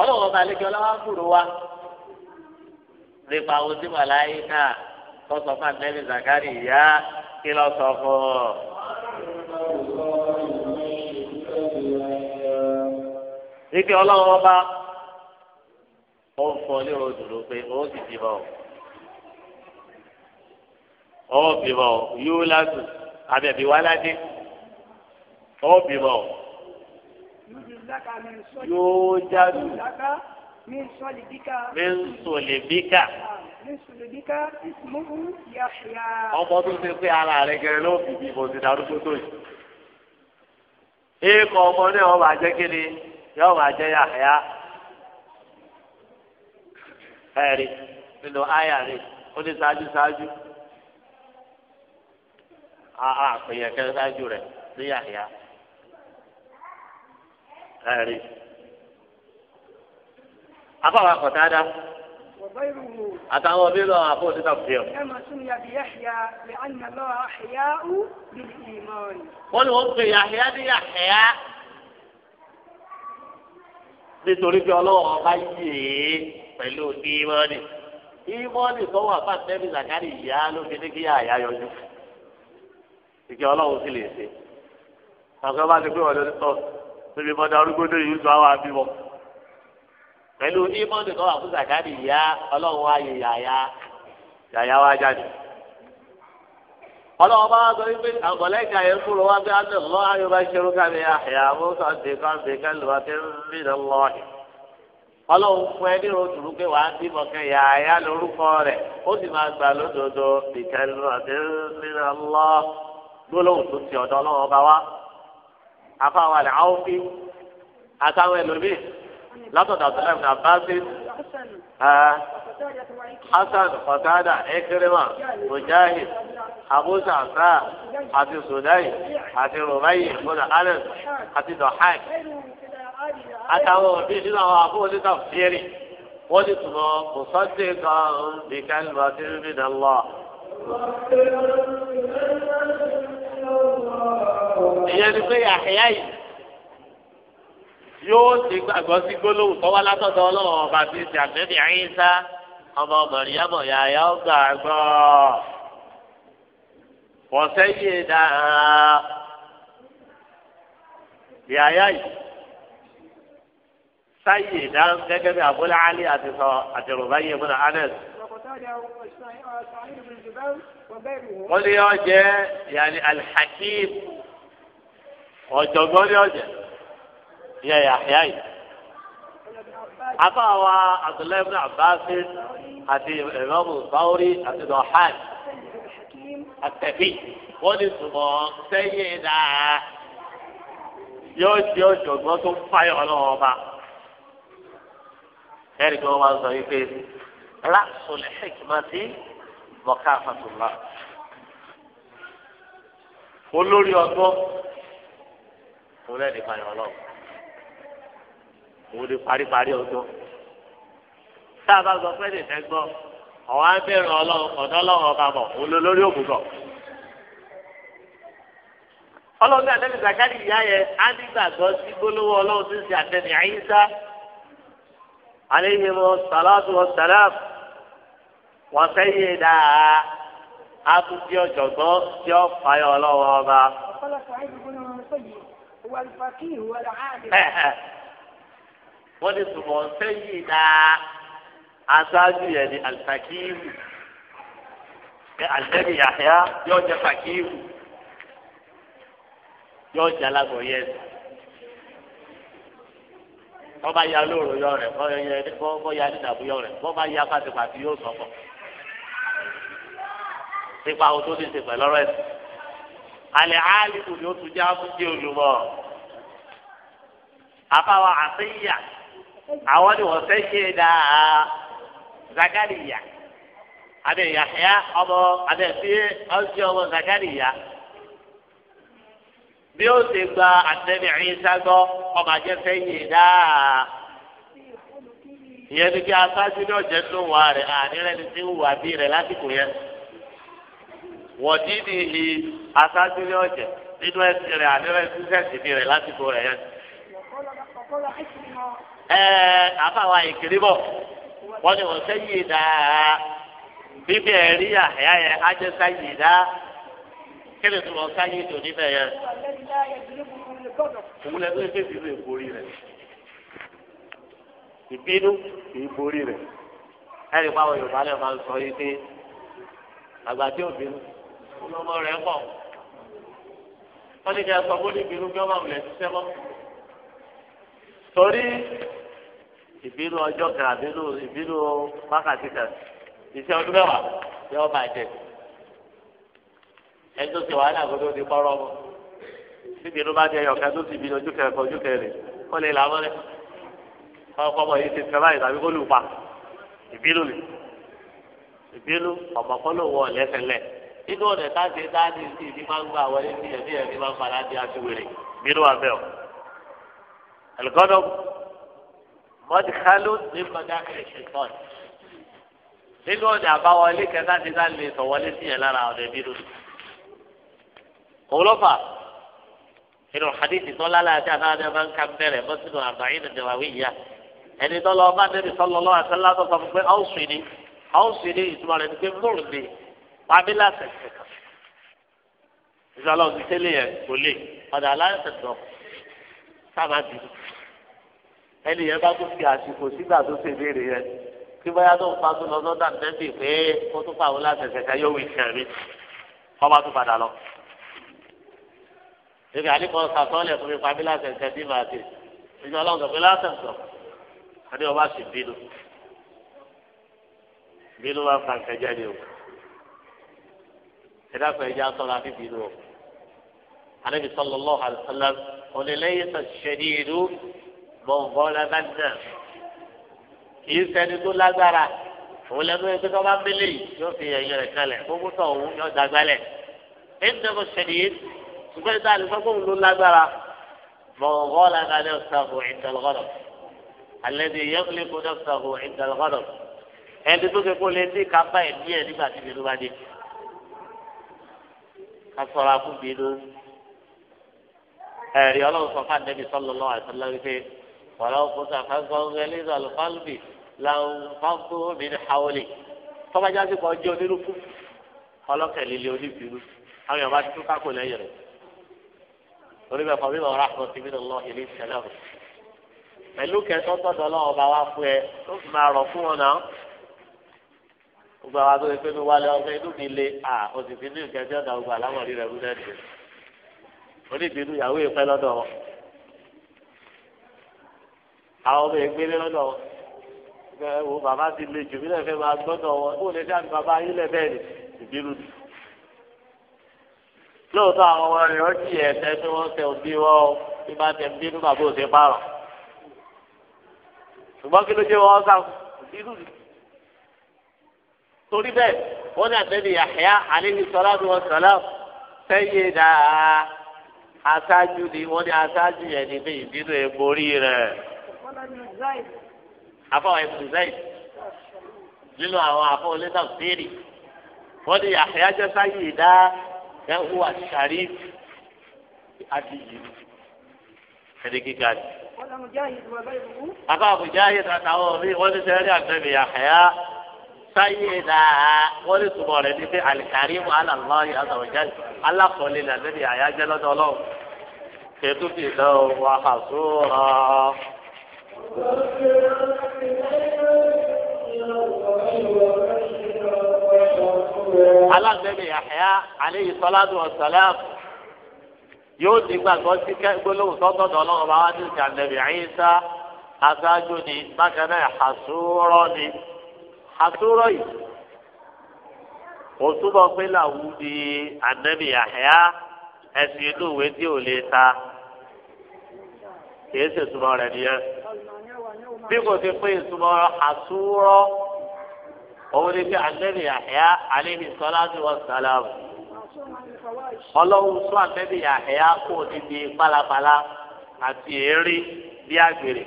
Ọlọ́run ọba àlejò ọlọ́wà kúrò wa. Nípa ohun tí màláníkà tó sọ fún Àgbẹ̀bí Zakari ìyá kí lọ sọ fún ọ. Ibi ọlọ́run ọba ó ń fọ ní òdòdó pé ó sì bímọ ó bímọ yóò lásù àbẹ̀bí wá ládé ó bímọ yóò jáde min solibika ọmọ tó ṣe pé ara rẹ gẹrẹ ló fi bí mo ti darúgbó tó yìí èèkọ ọmọ náà wọn máa jẹ kí ni yóò máa jẹ yàhaya ẹ̀rí nínú àyà rẹ̀ ó ní ṣáájú ṣáájú àá àpèyàn kẹrin ṣáájú rẹ̀ ní yàyà ẹ̀rí. afáwọn akọ̀tà dá àtàwọn ọbẹ̀ lọ àbọ̀ òṣìṣẹ́ òfin ọ̀. wọ́n ní wọ́n pè Yahya ní Yahya nítorí pé ọlọ́wọ́ ọba yìí pẹ̀lú ìmọ̀ọ́nì ìmọ̀ọ́nì tó wà fún àtẹ́bí zakari ìyá ló fi ní kí àyà yọjú ìjọ ọlọ́run sì lè ṣe àgbẹ̀ bá ti pé wọ́n lọ sọ níbi mọ́tò arúgbó tó yìí tó àwọn abímọ pẹ̀lú ìmọ̀ọ́nì tó wà fún zakari ìyá ọlọ́run ayè yàyà yàyà wá jáde ọlọ́wọ́ bá sọ wípé àgbọ̀lẹ́ka yẹn kúrò wá bí adé lọ́wọ́ ayọ̀ bá ṣerú kábi àyà mọ́tò àti káńtì kálíwá ọlọ́run fún ẹ nírò dùrú pé wàá bímọ kan yàáyá lórúkọ rẹ̀ ó sì máa gbà lódodo ìkẹlẹ́rọ̀dẹ́rẹ́lọ́ gbólóhùn tó ti ọ̀dọ̀ ọlọ́run ọba wa afáwọn àlẹ́ àwòfí àtàwọn ẹlòmíì látọ̀dọ̀ àtúntàn ní abáṣe hasan fatada ekirima mujahid abusa asa àti sudai àti rubayi ibùdó anas àti dọ̀hák. àtàwọn òbí sínú àwọn àbúrò onítà fìrì wọ́n ti túnmọ̀ kò sọ́dé kan bí kálíwá sí rí nà lọ. ìyẹn ni pé àhíyá yìí yóò ti gbàgbọ́ sí gbólóhùn tó látọ̀dọ̀ ọlọ́run ọba tí ti àgbẹ̀bí àyínsá ọmọ mọ̀ríyámọ̀ yàyà ó gbàgbọ́ wọ́n sẹ́yìn dáa yàyà yìí. sáyé ìdáhùn gẹ́gẹ́ bí abúlé alí àti sọ àtẹrùbá yìí múna anes. wọ́n ní ọjẹ́ yàní alhakim ọ̀jọ̀gbọ́n ní ọjẹ́ yẹ yàhíà yìí. afáwa abdullahi ibn abbas àti imam bawri àti dọ̀hán àtẹ̀bí wọ́n ní sùmọ̀ sẹ́yìn náà yóò di ọ̀jọ̀gbọ́n tó ń fáyọ̀ lọ́wọ́ bá ẹ̀rí kí wọ́n máa ń sọ wípé rásùn hikmati mọ̀káfàtúlá olórí ọgbọ́n òun náà ní ìpàdé ọlọ́run òun ní paríparí ọgbọ́n tá a bá gbọ́ pé nìkan gbọ́ ọ̀wá bẹ̀rẹ̀ ọlọ́run ọ̀dọ́ ọlọ́run ọba bọ̀ òun ló lórí ní àtẹ́lẹ̀ ìyá yẹn á nígbàgbọ́ sí gbólóhùn ọlọ́run tó ń ṣe àtẹ̀lẹ̀ àyíṣá. عليهم الصلاة والسلام وسيدا أبدي جدو سيو فايو الله وما قال سعيد بن المسيب هو الفقيه والعالم wọ́n ti sùnmọ̀ sẹ́yìn náà aṣáájú yẹn ni alifakiru ẹ alẹ́bi yàhíá yóò jẹ fakiru yóò jẹ alágbọ̀yẹ́sì. bọ́ba ya lóòrò yọ rẹ̀ bọ́ ya dídàbò yọ rẹ̀ ya pàtìpàtì yóò sọ̀kọ̀ nípa ohun tó ti ṣe pẹ̀lú ọ̀rọ̀ ẹ̀sìn otu àálìkù ni ó tún já fún olùmọ̀ àbáwa àṣeyà àwọn ni wọ́n fẹ́ ṣe dáa zakariya ọmọ abe fi ọmọ zakariya. bí ó ṣe gba àtẹ́bí Ìsá gbọ́ ọmọ àjẹ́ fẹ́ yìí dáa. ìyẹn ni kí aṣáájú náà jẹ́ tó wà rẹ̀ ànírẹ́ ni tí ń wà bí rẹ̀ lásìkò yẹn. wọ̀dí ni ìhì aṣáájú náà jẹ́ nínú ẹsẹ̀ rẹ̀ ànírẹ́ tí sẹ́ẹ̀sì bí rẹ̀ lásìkò rẹ̀ yẹn. ẹ àfàwà ìkiri bọ̀ wọ́n ní wọ́n sẹ́yìn dáa bíbí ẹ̀rí àyà yẹn á jẹ́ dáa kéde tó lọ sáyé tó níbẹ̀ yẹn. òun lẹ́nu ẹgbẹ́ ìbínú ìborí rẹ̀ ìbínú ìborí rẹ̀ ẹ̀rí báwọn Yorùbá lè máa ń sọ yìí pé àgbà tí òbínú ọmọ rẹ̀ pọ̀ wọ́n ní kí a sọ bóni ìbínú bí wọ́n máa wulẹ̀ ṣiṣẹ́ mọ́. torí ìbínú ọjọ́ kan àbínú ìbínú wákàtí kan iṣẹ́ ọdún mẹ́wàá ni wọ́n máa jẹ ẹni tó ti wàhálà kó tó ti kọ́ rọ́ọ̀mù síbi inú bá jẹ ọ̀kẹ́ tó ti bi ojú kẹrẹ ojú kẹrẹ kó lè làwọn rẹ kọ́ ọmọ yìí ti fẹ́ báyìí tàbí kó lù pa ìbínú ni ìbínú ọ̀pọ̀ kọ́ ló wọ ọ̀lẹ́sẹ̀lẹ̀ inú ọ̀nà táti táti sí ibi máa ń gbà wọlé sí ẹ̀mí ẹ̀mí máa ń padà di aṣiwèrè ìbínú wa bẹ́ẹ̀ ẹ̀lùkọ́dọ̀ mọ́tíkálù òun lọ́fà inú hadith tó lálàáfíà àtàwọn ẹ̀fọn ká bẹ̀rẹ̀ bó sínú àbáyé nàdẹ̀wáwí yá ẹni tó lọ bá débi sọlọ lọ́wọ́ àtàlá tó sọ fún pé ọ̀hún sì ni ọ̀hún sì ni ìtumọ̀ rẹ̀ ni pé múrù ni pamela sẹ̀sẹ̀ kan ìsọlọ́ ti tẹ́lẹ̀ yẹn kò lè ọ̀dà aláìsẹ̀tọ̀ sábà dì ẹni yẹn bá tó fi àsìkò sígbà tó ṣe béèrè yẹn kí bóyá tó ń tó lọ ebi alimọ sasọlẹ fún mi fún abilá sẹsẹ bí màá ti ìjọ Ọlọ́run sọ pé látàn sọ àti ọba sì bínú bínú wa fà kẹjẹ ni o ẹ̀dá fún ẹjẹ asọlá fi bínú o anabi sallallahu alaihi wasallam onílẹyìn sàṣẹdí ìlú mọ̀nbọ́lá bá nà kì í ṣẹni tó lágbára òun lẹnu ẹgbẹ́ tó bá yóò fi ẹ̀yìn rẹ̀ kalẹ̀ gbogbo tó òun yóò dàgbálẹ̀ ẹ̀ ń dẹ́gun ṣẹlẹ̀ ṣùgbọ́n ìta àlùfẹ́ kó ń lo lágbára mọ̀ọ́gọ́ làkà ní ọ̀sàfù ìtàlgọ́dọ̀ àlẹ́dì yẹ́kùlẹ́ kó ní ọ̀sàfù ìtàlgọ́dọ̀ ẹni tó kéko lé ní kápá ẹ̀mí ẹ̀ nígbà tí bínú bá dé kásọ̀rọ̀ fún bínú ẹ̀rí ọlọ́run sọ fún àdébí sọ́lọ́ lọ́wọ́ àtàlọ́ wípé wọ́n kó sàfà gbọ́ngẹ́lẹ́ làǹfààgbó mi ní hawlé tọ́bajá sí kọjá onírúkú ọlọ́kẹ̀lélẹ́ oníbìrú àwọn èèyàn bá tún kákò lẹ́yìn rẹ̀ torí bẹ́ẹ̀ fọwọ́ ọ̀rọ̀ àkọsí mi lọ́wọ́ ilé ìṣẹ̀lẹ̀ o pẹ̀lú kẹsàn-án tọ́jọ́ lọ́wọ́ bá wá fún ẹ tó fi máa rọ̀ fún wọn náà gbogbo àwọn àgbẹ̀ pé mi wálé ọgbẹ́ inú mi le à o sì fi ní ìkẹ́jọ́ ọ̀dà gbogbo àlámọ̀rí rẹ̀ rú náà onídìínú ìyàwó yìí pẹ́ lọ́dọ̀ wọn àwọn ọmọ ìgbélé lọ́dọ̀ wọn bàbá ti le jù mí lẹ́fẹ̀ẹ́ máa gbọ́dọ̀ wọn ó lóòótọ́ àwọn ọmọ rẹ̀ wọ́n jì ẹ̀sẹ̀ tí wọ́n tẹ òbí wọ́n o bí bá tẹ bí nígbà bó ṣe pààrọ̀ ṣùgbọ́n kí ló dé wọ́n sá ìlú rí torí bẹ́ẹ̀ wọ́n ní àtẹ́bí Yahya alayhi salatu wa salam sẹ́yìn dáa aṣáájú ni wọ́n ní aṣáájú yẹn ní bíi ìbínú eborí rẹ̀ afọwọ́ ẹ̀sùn zayd nínú àwọn afọwọ́ lẹ́tà sírì wọ́n ní Yahya jẹ́ sáyìn dáa yà wúwa sharif adìyí ẹni gíga ni. àbá mujahid àtàwọn mi wọ́n ti sẹ́rí àgbẹ̀mí àhẹ́yà sáyidá wọ́n ti túbọ̀ rẹ̀ ní pé alikarimu alalahi azawajal alakọ̀ọ́lẹ̀ làbẹ́bí àyájẹ́ lọ́dọ̀ ọlọ́run kẹ́tù fi lọ wà hàṣúrà. Thank you. alágbẹ̀bẹ̀ Yahya aleyhi sọládùn ọ̀sálàm yóò ti gbàgbọ́ sí gbólóhùn sọ́tọ̀dọ̀ ọlọ́run bá wá ní ìjà nẹ̀bẹ̀ àyíṣá aṣáájú ni bákan náà àṣúrọ́ ni àṣúrọ́ yìí o pé làwù di ànẹ́bì Yahya ẹ̀sìn inú ìwé tí ò lè ta kìí ṣètúmọ̀ rẹ̀ nìyẹn bí kò ti ìtumọ̀ àṣúrọ́. òun ni pé àtẹ́bí àhẹ́yà aléhi sọ́láàtì wọ́n sàlámù. ọlọ́run sún àtẹ́bí àhẹ́yà kò ní bí pálapàla àti èérí bí àgbèrè.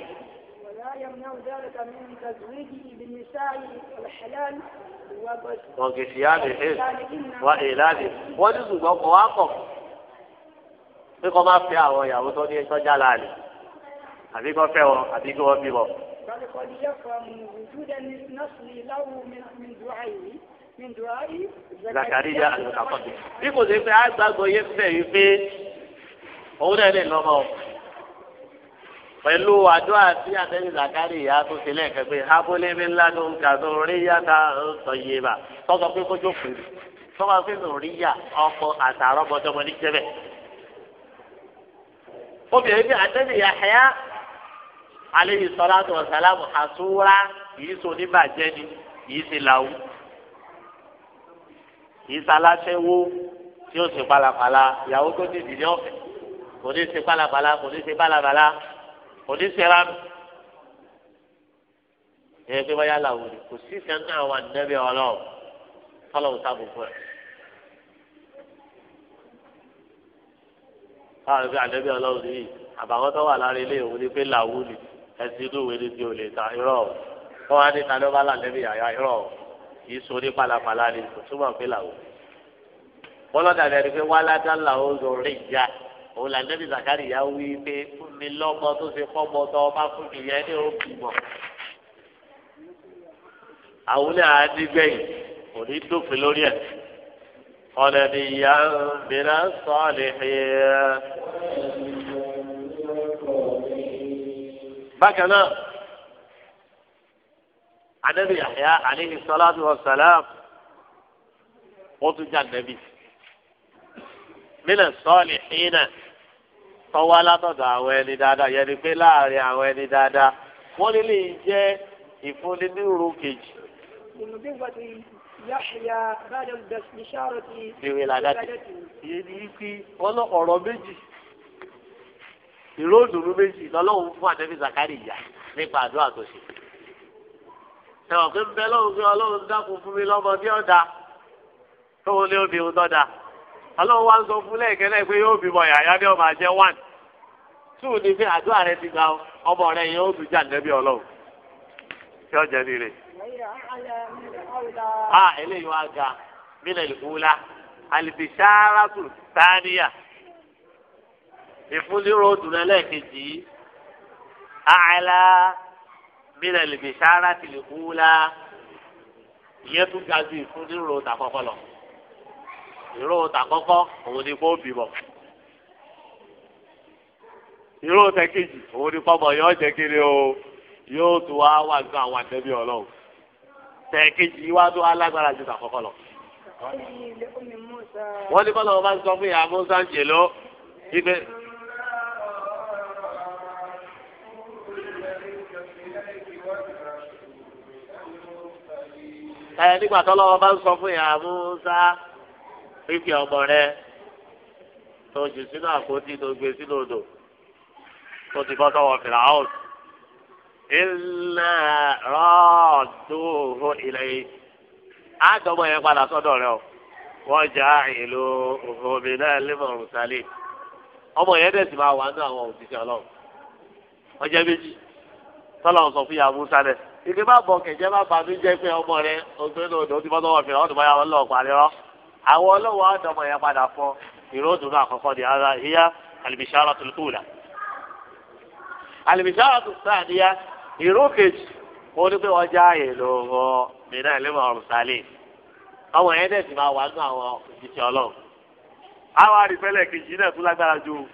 wọ́n kì í ṣe yáàdì ẹ̀ wá èèláàdì wọ́n ní ṣùgbọ́n kò wá kọ̀ pé kò máa fẹ́ àwọn ìyàwó tó ní ẹjọ́ jálá rẹ̀ àbí kò fẹ́ wọn àbí kò wọ́n bímọ. وقد قد يفهم وجود النصر له من من دعائه من دعائه زكريا المتقدم bí kò sí pé a gbàgbọ́ yé fẹ́ yìí pé òun náà lè lọ́mọ pẹ̀lú àdúrà tí àtẹ́jú Zakariya tó ṣe lẹ́ẹ̀kẹ́ pé abúlé mi ńlá ló ń kà tó rí yàtà ń sọ iye bà tọ́sọ pé kó jókòó tọ́wọ́ pé kò rí yà ọkọ̀ àtàrọ́ bọ́tọ́mọ ní jẹ́bẹ̀. obìnrin bí àtẹ́jú Yahya aleyhi salatu wa salamu asura yìí so níbàjẹ́ ni yìí sì làwù yìí sàlásẹ́wó tí ó sì palapala ìyàwó tó ti dìde ọ̀fẹ́ kò ní ṣe palapala kò ní ṣe balabala kò ní ṣe ránu ìyẹn pé wáyà làwù ni kò sí ìfẹ́ náà wà nẹ́bí ọlọ́run tọ́lọ̀ ń sábò fún ẹ. báwo ni bí ànẹ́bí ọlọ́run yìí àbàwọ́tọ́ wà lára ilé ìwé ni pé làwù ni ẹsìn inú ìwé ni tí o lè ta irọ́ ọ wá ní tani ọba làlẹ́bí àyà irọ́ kì í so ní palapala ni kò túmọ̀ pé làwọn. bọ́lọ́dà rẹ̀ ni pé wáládá làwọn ò rí ìyá òun làlẹ́bí Zakariya wí pé fún mi lọ́mọ tó ṣe fọ́mọ tó ọba fún mi yẹn ní òbí mọ̀. àwọn ilé àádígbẹ̀yìn kò ní dófin lórí ẹ̀ ọ̀nà ìyá mìíràn sọ̀ọ́ bákan náà anabi yahya aleyhi salatu wa salam wọ́n tún já nabi mílẹ̀ sọ́ọ̀lì hínà tọ́wọ́ alátọ̀dọ̀ àwọn ẹni dáadáa yẹni pé láàrin àwọn ẹni dáadáa wọ́n lè lè jẹ́ ìfúnni ní irun kejì. ìwé làdájì ìyẹn ni wípé wọ́n lọ ọ̀rọ̀ méjì. ìró méjì lọ́lọ́run fún àdébí zakari ìyá nípa àdó tó ṣe. ẹ̀wọ̀n pé ń bẹ lọ́run pé ọlọ́run dákun fún mi lọ́mọ bí ọ̀dà tó wọlé obì tọ́da. ọlọ́run wá ń sọ fún pé yóò ọmọ ti gba ọmọ yẹn ó dùn ìfúnlérò dùnà lẹ́ẹ̀kejì àìlá mílẹ̀ lèbi sáárà tìlẹ̀ kúlá ìyẹn tún ga ju ìfúnlérò tàkọ́kọ́ lọ ìró tàkọ́kọ́ òun ni kó bímọ ìró tẹ̀kejì òun ni kọ́mọ yọ jẹ́ kiri o yóò tún wá wà ní àwọn àtẹ́bí ọlọ́run tẹ̀kejì wá tún alágbára ju tàkọ́kọ́ lọ. wọ́n ní kọ́ lọ́wọ́ bá ń sọ fún ìyá musa ń taya nígbà tó lọ́wọ́ bá ń sọ fún ìyá Musa fífi ọmọ rẹ tó jù sínú àpótí tó gbé sínú odò tó ti bọ́ sọ́wọ́ fìlàhùn ilẹ̀ rọ́ọ̀dúnrún ilẹ̀ yìí àádọ́mọ yẹn padà sọ́dọ̀ rẹ o wọ́n já ìlú òfòmí náà lẹ́mọ̀rún sálẹ̀ ọmọ yẹn dẹ̀ sì máa wà àwọn òṣìṣẹ́ ọlọ́run méjì ìdí bá bọ̀ kẹ̀jẹ́ bá bá mi jẹ́ pé ọmọ rẹ òṣèlú odò ti bọ́ lọ́wọ́ fìlà ọdún báyà wọn lọ́ọ̀ parí rọ àwọn ọlọ́wọ́ àdọ́mọ yẹn padà fún ìró òdùnú àkọ́kọ́ di ara ìyá alìbìsára tùlùkùlà alìbìsára tùsàdíyà ìró kejì ó ní pé wọ́n já èlò wọn mìíràn ìlẹ́mọ̀ ọ̀rùn sálẹ̀ ọmọ yẹn dẹ̀ sì máa wà nínú àwọn òṣìṣẹ́ ọlọ́run àwọn àrífẹ́lẹ̀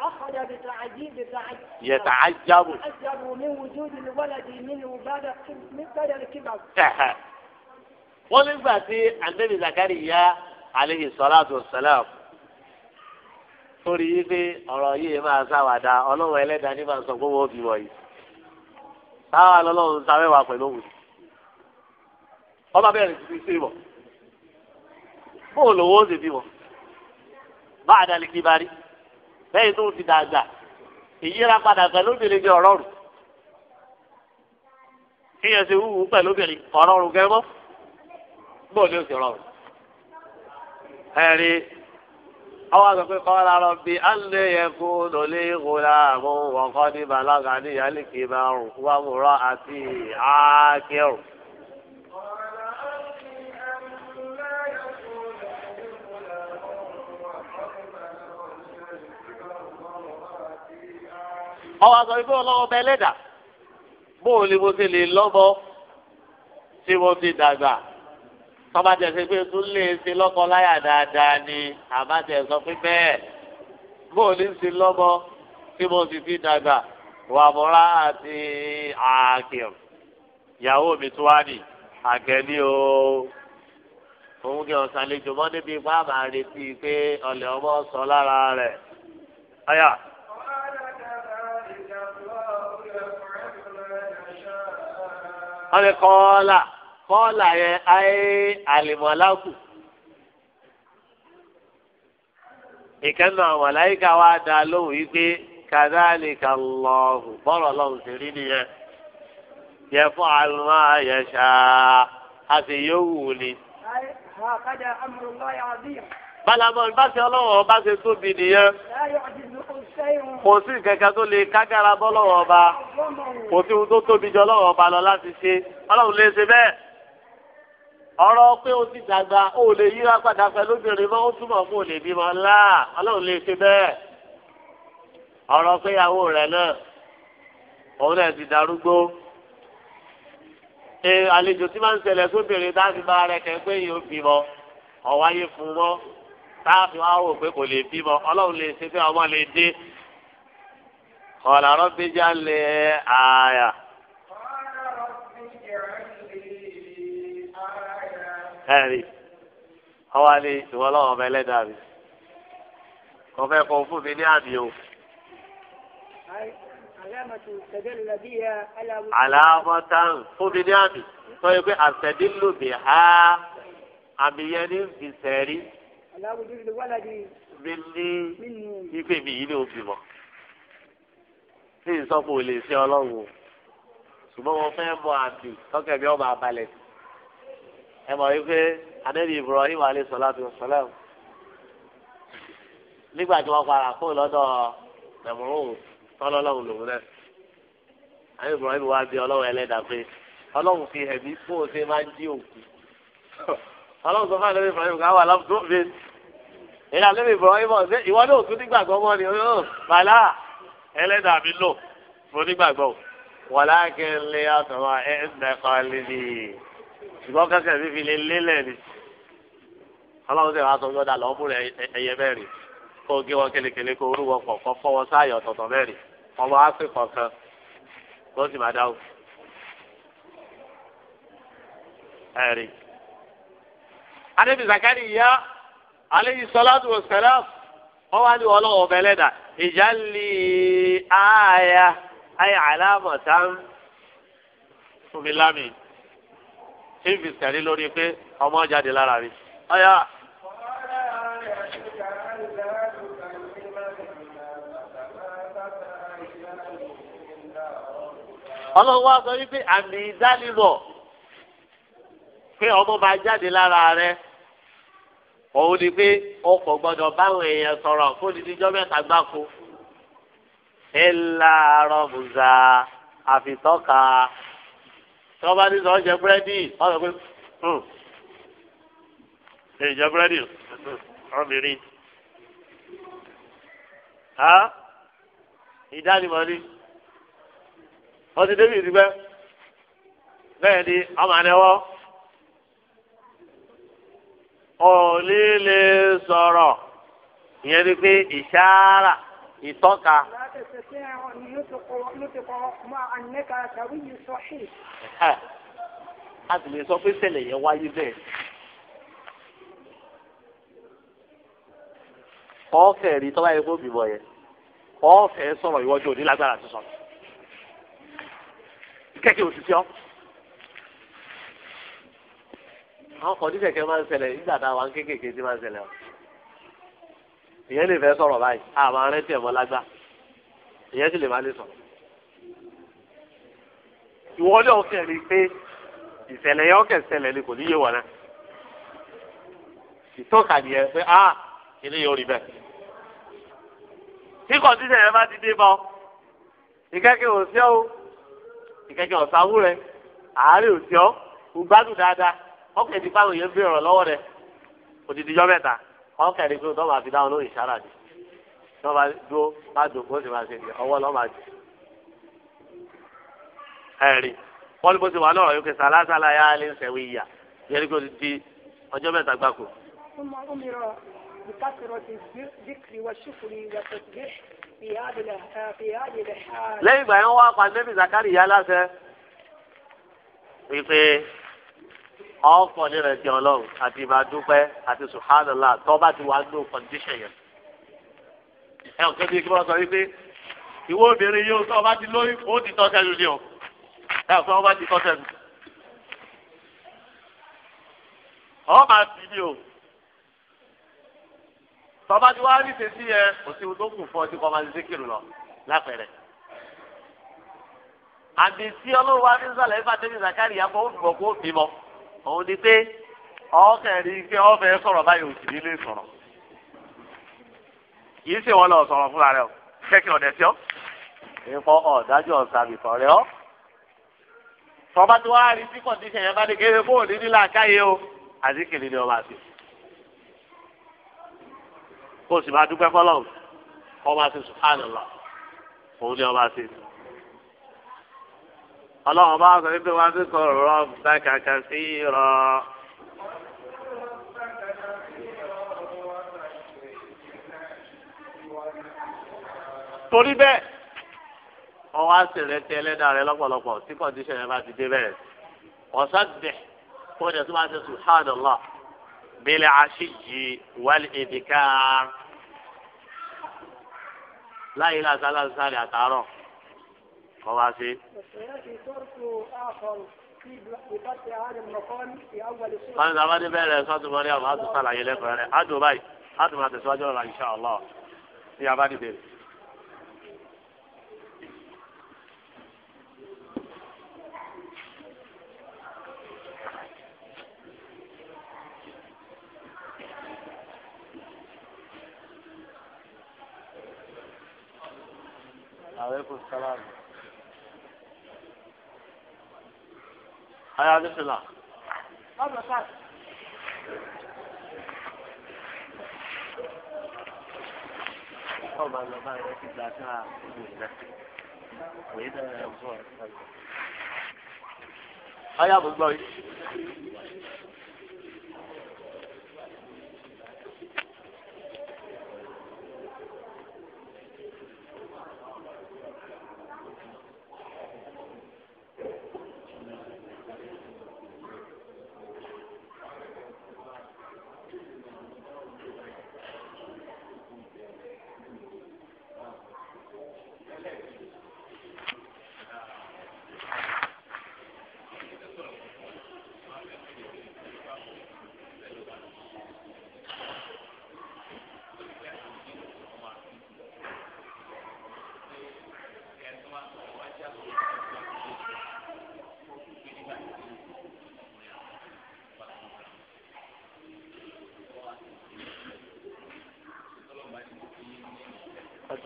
أخرج بتعجيب بتعجيب يتعجب يتعجب من وجود الولد منه بعد من بعد الكبر wọ́n nígbà tí ànábì Zakariya aleyhi salatu wasalam torí pé ọ̀rọ̀ yìí máa ṣàwàdà ọlọ́wọ́ ẹlẹ́dàá ní máa sọ gbogbo òbí wọ̀nyí táwa lọ́lọ́run sáwẹ́wà pẹ̀lú òun ọba bẹ́ẹ̀ ti ṣe bọ̀ bóòlù owó ó sì bímọ bá àdàlẹ́ kí bá rí lẹ́yìn tó ti dàgbà ìyíra padà pẹ̀lú obìnrin bí ọ̀rọ̀ rù kíyàn ṣe wúwú pẹ̀lú obìnrin ọ̀rọ̀ rù gẹ́gọ́ bóun ni ó ti rọrùn. ẹ̀rí àwọn àgbẹ̀ kọ́ la lọ bí alẹ́ yẹ kó lọlé ìhòòlà àwọn ọkọ ní balaga ní yálìkì bá rùn wàmúrọ̀ àti àákẹ́rù. ọwọ́ àgbà wípé ọlọ́wọ́ bẹ lẹ́dà bóò ni mo ti lè lọ́bọ tí mo ti dàgbà tọ́ba tẹ̀sí pé tún lè ṣe lọ́kọ láyà dáadáa ni àbá tẹ̀ sọ pé bẹ́ẹ̀ bóò ni ṣe lọ́bọ tí mo ti fi dàgbà wà àti àkìm ìyàwó mi tún wá nì àkẹ́ni o òun kì ọ̀sán lè jùmọ́ níbi ipá máa retí pé ọ̀lẹ́ ọmọ sọ lára rẹ̀ ọ̀yà. wọ́n fi kọ́ọ́là kọ́ọ́là yẹn ayé àlìmọ́láàkù. ìkẹ́nu àwọn àláyíká wa dá lóhùn yìí pé kàdáàlìkà lọ́ọ̀hùn bọ́ọ̀rọ̀ lọ́hùn sí rí nìyẹn. yẹ fún àlùmọ́ àyẹ̀ṣà àti yóò wù ni balamọ bá ṣe ọlọ́wọ́ bá ṣe tóbi nìyẹn kò sí kẹ̀kẹ́ tó lè kágára bọ́ lọ́wọ́ ọba kò sí ohun tó tóbi jọ lọ́wọ́ ọba lọ láti ṣe ọlọ́run lè ṣe bẹ́ẹ̀ ọ̀rọ̀ pé o ti dàgbà o lè yíra padà pẹ̀lú obìnrin mọ́ ó túmọ̀ fún olè bímọ ńlá ọlọ́run lè ṣe bẹ́ẹ̀ ọ̀rọ̀ pé ìyàwó rẹ̀ náà òun náà ti darúgbó àlejò tí máa ń ṣẹlẹ̀ sóbìnrin dáàbì máa rẹ̀ kẹ́ pé yóò bímọ ọ̀wáyé fún wọn táàfin wá wò pé kò lè bímọ ọlọ́run lè ṣe pé ọmọ lè dé ọ̀làrọ̀ bíjà lè àyà. ẹ̀rí ọwọ́ ni ìwọ lọ́wọ́ ọmọ ẹlẹ́dàá mi kò fẹ́ kó fún mi ní àmì o. àlàmọ́tàn fún mi ní àmì sọ pé àtẹ̀dínlùmí ha àmì yẹn ní ìfìsẹ̀rí mi ní ife mi yìí ni ó bímọ sí ìsọpọ̀ ò lè ṣe ọlọ́run o ṣùgbọ́n wọn fẹ́ mọ àmì tọ́kẹ́ mi ọba abalẹ̀ ẹ mọ̀ wípé adébí Ibrahim alayhi salatu wassalam nígbà tí wọ́n para kó lọ́dọ̀ nàmúrún tọ́lọ́lọ́run lòun náà àyè Ibrahim wá bí ọlọ́run ẹlẹ́dàá pé ọlọ́run fi hẹ̀mí fún òṣè máa ń jí òkú ọlọ́run sọ fún àdébí Ibrahim káwá lọ́dún mi ìlà lórí ìbọn ìbọn ṣé ìwọ náà tún nígbàgbọ́ mọ́ ni ó oh, bàlá ẹlẹ́dàá mi lò mo nígbàgbọ́ wàlákin lè àtọ̀mọ́ ẹ̀ ń dẹ́kọ̀ lílì ṣùgbọ́n kẹ́kẹ́ mi fi lè lélẹ̀ ni ọlọ́run sì wá sọ yọ́dà lọ́múrẹ̀ ẹyẹ mẹ́rin kó gé wọn kélékèlé kó orú wọn kọ̀ọ̀kan fọwọ́ sáàyè ọ̀tọ̀ọ̀tọ̀ mẹ́rin ọmọ á pè kọ̀ọ̀kan kó sì má dáhùn. ẹ̀rí. adébísàkárì yá. aleyhi salatu wa salam wọn wá ní ọlọ́wọ́ ọbẹ̀ lẹ́dà ìjálì ààyà ayé aláàmọ̀tá ń fúnmi lámì tí n fi sẹ̀rí lórí pé ọmọ jáde lára rí ọyà. ọlọ́wọ́ sọ wípé àmì ìdánimọ̀ pé ọmọ máa jáde lára rẹ̀. òun ni pé o kò gbọdọ̀ báwọn èèyàn sọ̀rọ̀ kó ní níjọ́ mẹ́ta gbáko ẹ láàárọ̀ bùzà àfitọ́ka tí wọ́n bá ní sọ̀rọ̀ jẹ búrẹ́dì wọ́n sọ pé hmm. ṣe ìjẹ búrẹ́dì ọmọbìnrin ìdánimọ̀ ni wọ́n ti débi ìdúgbẹ́ bẹ́ẹ̀ ni ọmọ àlẹ́wọ́ òní lè sọ̀rọ̀ ìyẹn ni pé ìṣáárà ìtọ́ka. a sì lè sọ pé ṣẹlẹ̀ yẹn wáyé bẹ́ẹ̀. ọ̀fẹ́ rí tọ́lá yẹn kó bímọ yẹn ọ̀fẹ́ sọ̀rọ̀ ìwọ́jú òní lágbára kẹ́kẹ́ òṣìṣẹ́ ọ́. àwọn kọ̀ọ̀dí kẹ̀kẹ́ máa ń ṣẹlẹ̀ nígbà tá a wà ń kéékèèké tí máa ń ṣẹlẹ̀ o ìyẹn lè fẹ́ sọ̀rọ̀ báyìí àmọ́ arẹ́ tiẹ̀ mọ́ lágbá ìyẹn sì lè má lè sọ̀rọ̀ ìwọ́lẹ̀ ọ̀kẹ́ rí pé ìṣẹ̀lẹ̀ yẹn ọ̀kẹ́ ṣẹlẹ̀ ni kò ní yé wọn náà ìtọ́ka nìyẹn pé a ah, ilé yóò rí bẹ́ẹ̀ tí kọ̀ọ̀díṣẹ̀ yẹn bá ti dé bọ́ ìkẹ́kẹ́ ò sí ọ́ ìkẹ́kẹ́ ọ̀sáwú rẹ̀ àárẹ̀ ò sí ọ́ gbádùn dáadáa wọn kàn ti fáwọn èèyàn béèrè ọ̀rọ̀ lọ́wọ́ rẹ òdìdí jọ mẹ́ta wọn kàn rí pé tó máa fi dáhùn lórí ìṣára ni tó máa dúró má dùn kó sì máa ṣe ní ọwọ́ lọ́ máa jù. ẹ̀rí wọn ní bó ti wà lọ́rọ̀ yókè sàlásàlá yá lè ń sẹ̀wé ìyà yẹn ní kó di ọjọ́ mẹ́ta gbáko. lẹ́yìn ìgbà yẹn wọ́n wá pa nẹ́bí zakari yá láṣẹ wípé ọ̀pọ̀ nínú ẹ̀sìn ọlọ́run àti ìbádúpẹ́ àti sùhánàlá tó bá ti wá gbó kọ́ndíṣẹ̀ yẹn. ẹ ò kébi kí wọ́n sọ wípé ìwọ obìnrin yóò tó bá ti lóyún ó ti tọ́ sẹ́nu ni o ẹ ò fẹ́ wọ́n bá ti tọ́ sẹ́nu. ọ̀ máa bì mí o tó bá ti wá rí ṣe sí kò sí ohun tó kù fún ọ tí kò máa ṣe kírun lọ lápẹẹrẹ àbí tí ọlọ́run wá ní sọ̀lẹ́ fàtẹ́bí zakari yà bọ́ ó dùn kó bímọ òun ni pé ọkàn rí i pé ọfẹ sọ̀rọ̀ báyìí òsì nílé sọ̀rọ̀ yìí ṣe wọn lọ sọ̀rọ̀ fúnra rẹ o kẹkẹ ọdẹ tí ọ ìfọ ọdájú ọsà bìtọ rẹ ọ tọba tí wàá rí sí kọndíṣẹ yẹn bá ní kéré fóònù nílà káyé o àti kìnìún ni ọba àti kó o sì máa dúpẹ́ fọlọ́ọ̀ ọba àti sùpáàlì lọ òun ni ọba àti sùpáàlì ọlọ́run bá sọ wípé wọ́n ti kọ ọ̀rọ̀ bákàkà sí rọ. torí bẹ́ẹ̀ ọwọ́ àṣẹrẹ́tẹ ẹlẹ́dàá rẹ lọ́pọ̀lọpọ̀ tí kọ̀díṣẹ̀ rẹ bá ti dé bẹ́ẹ̀ ọ̀sádẹ̀ kó o jẹ́ tó máa ṣe subhanallah bílẹ̀ àṣìjì wàlẹ̀ ìdíkà láyé lásán lásán rẹ̀ àtàárọ̀ kọ́ wá sí. wọ́n ní sábà ní bẹ́ẹ̀ rẹ̀ sọ́tún mọ́rí àwọn àtúntò sàlàyé lẹ́kọ̀ọ́ rẹ̀ àdùn báyìí àdùn máa tẹ̀síwájú ọ̀la insha Allah ní abánibèrè. عليكم السلام Aya bisimilah. ti gba ká ìlú yìí.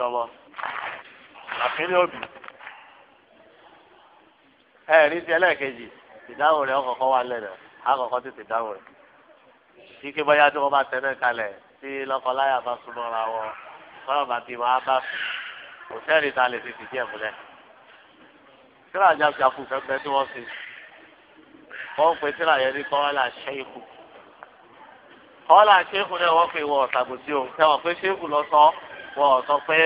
sọmọ àkíní òbí ẹ rí sí ẹlẹ́ẹ̀kejì ìdáhùn rẹ̀ ọkọ̀ọ̀kọ̀ wà lẹ́nu akọ̀kọ̀ tètè dáhùn rẹ̀ kíkẹ́ bọ́yá tí wọ́n bá tẹ́lẹ̀ kalẹ̀ tí lọ́kọláya bá súnmọ́ ra wọn sọ́rọ̀ bá ti máa bá kò sẹ́rìí ta lè fi fìdí ẹ̀ múlẹ̀ tíra àjà fi àfúnfẹ́ bẹ́ẹ̀ tí wọ́n fi wọ́n pe tíra yẹn ní kọ́ńlá ṣẹ́ẹ̀kù kọ́ńlá ṣẹ́ẹ̀kù náà wọ́n fi wọ ọ̀sàgbòsí o tẹ́wọ̀n pé ṣẹ́ẹ̀kù lọ sọ wọn ò sọ pé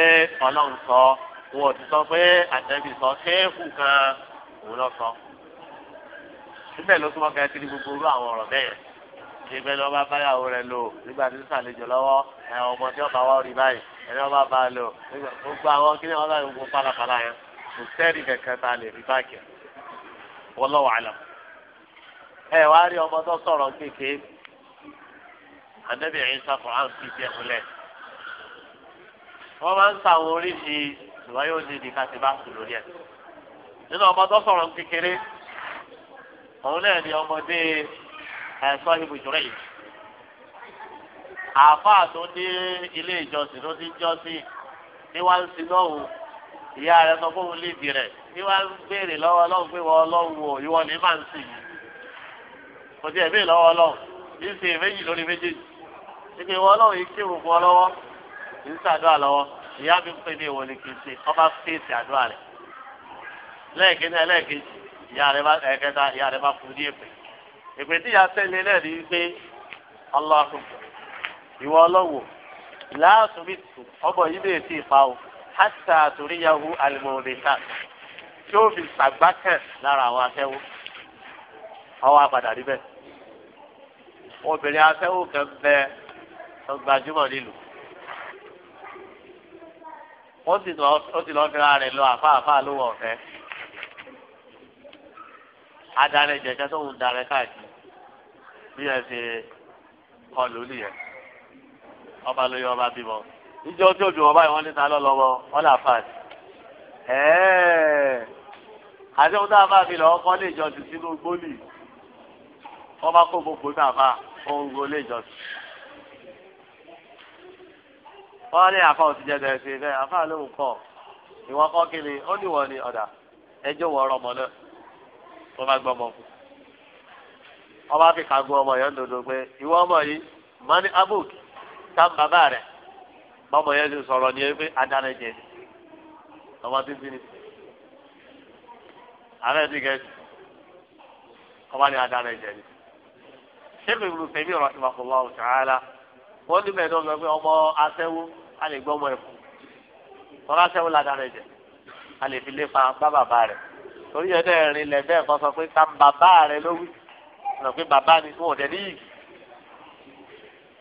ọlọ́run sọ wọn ò ti sọ pé àtẹ̀bí sọ ṣéèkù kan òun lọ sọ. síbẹ̀ ló túmọ̀ kẹ́kẹ́ kiri gbogbo orú àwọn ọ̀rọ̀ bẹ́ẹ̀ ìgbẹ́ lọ bá báyàwó rẹ lò nígbà tí sàlejò lọ́wọ́ ẹ̀ ọmọ tí ọba wa rí báyìí ẹni wọn bá bá a lò gbogbo àwọn kí ni wọn bá gbogbo pálapàla yẹn kò sẹ́ẹ̀rì kẹ̀kẹ́ ta lè rí báàkì wọn ẹ wá rí ọmọ tó sọ̀rọ̀ kéèké àdébìyàn yìí sàkóhán fi jẹ́ fúnlẹ̀ wọ́n máa ń sa àwọn oríṣi ṣùgbọ́n yóò di ìdíkà tí bá sùn lórí ẹ̀. nínú ọmọ tó sọ̀rọ̀ kékeré òun náà ni ọmọdé ẹ̀sọ́ ibùjúrẹ́ yìí. àáfàá tó ní ilé ìjọsìn tó ti ń jọ́sìn ní wá ń sin lọ́wọ́ ìyá rẹ̀ sọ fóun léèdì rẹ̀ ní wá ń béèrè lọ́wọ́ ọlọ́run pé wọ́n ọlọ́run o ìwọ ni máa ń sìn yìí. kò tiẹ̀ béèrè lọ́wọ́ ọlọ́run ní sèé méjì lórí méjèèjì. kì í lọ́wọ́ ìyá mi ń pè ní ìwọlé ọba fèsì àdúrà rẹ̀ lẹ́ẹ̀kínní ẹlẹ́ẹ̀kejì ìyá rẹ̀ bá ẹ̀kẹta ìyá rẹ̀ bá fún ní èpè èpè tí ìyá tẹ́lẹ̀ náà ní pé ọlọ́run ìwọ ọlọ́wọ̀ láàtúmí tù ọbọ̀ yìí bèè sí ìpa o hàtà àlùmọ̀ọ́dẹ́ta tí ó fi lára àwọn ọwọ́ níbẹ̀ obìnrin gbajúmọ̀ nílùú ó sì lọ́ọ́ fi afa rẹ̀ lọ àfáàfáà ló wọ̀ ọ̀fẹ́ adarẹ jẹjẹ tó ń darẹ káàkiri bí ẹ ọba lóye ọba bímọ ìjọ tí òbí wọn báyìí wọn níta lọlọwọ wọn là fà sí àti ohun fi lọ ọkọ lè jọ sí sínú gbólì kó gbogbo ohun jọ sí. wọ́n ní àfa òsìjẹ́ bẹ̀rẹ̀ sí àfa lóhùn kọ́ ìwọ kọ́ kí ni ó ní wọ́n ní ọ̀dà ẹjọ́ wọ ọ̀rọ̀ ọmọ náà bá gbọ́ ọmọ fún wọ́n bá fi ọmọ yẹn dodo pé ìwọ ọmọ yìí mọ ní abuk tá bàbá rẹ̀ bọ́mọ yẹn ti sọ̀rọ̀ ní ọmọ títí ni ti ọmọ ní ni ṣé kò ìlú a lè gbọ́ ọmọ ẹ̀kú tọ́lá sẹ́wọ́n la dára jẹ a lè fi lé fa bá bàbá rẹ̀ torí ẹ̀ dẹ́ rin lẹ̀ bẹ́ẹ̀ kọ́ sọ pé ta bàbá rẹ̀ lówí ọ̀nà pé bàbá ni fún ọ̀dẹ níyì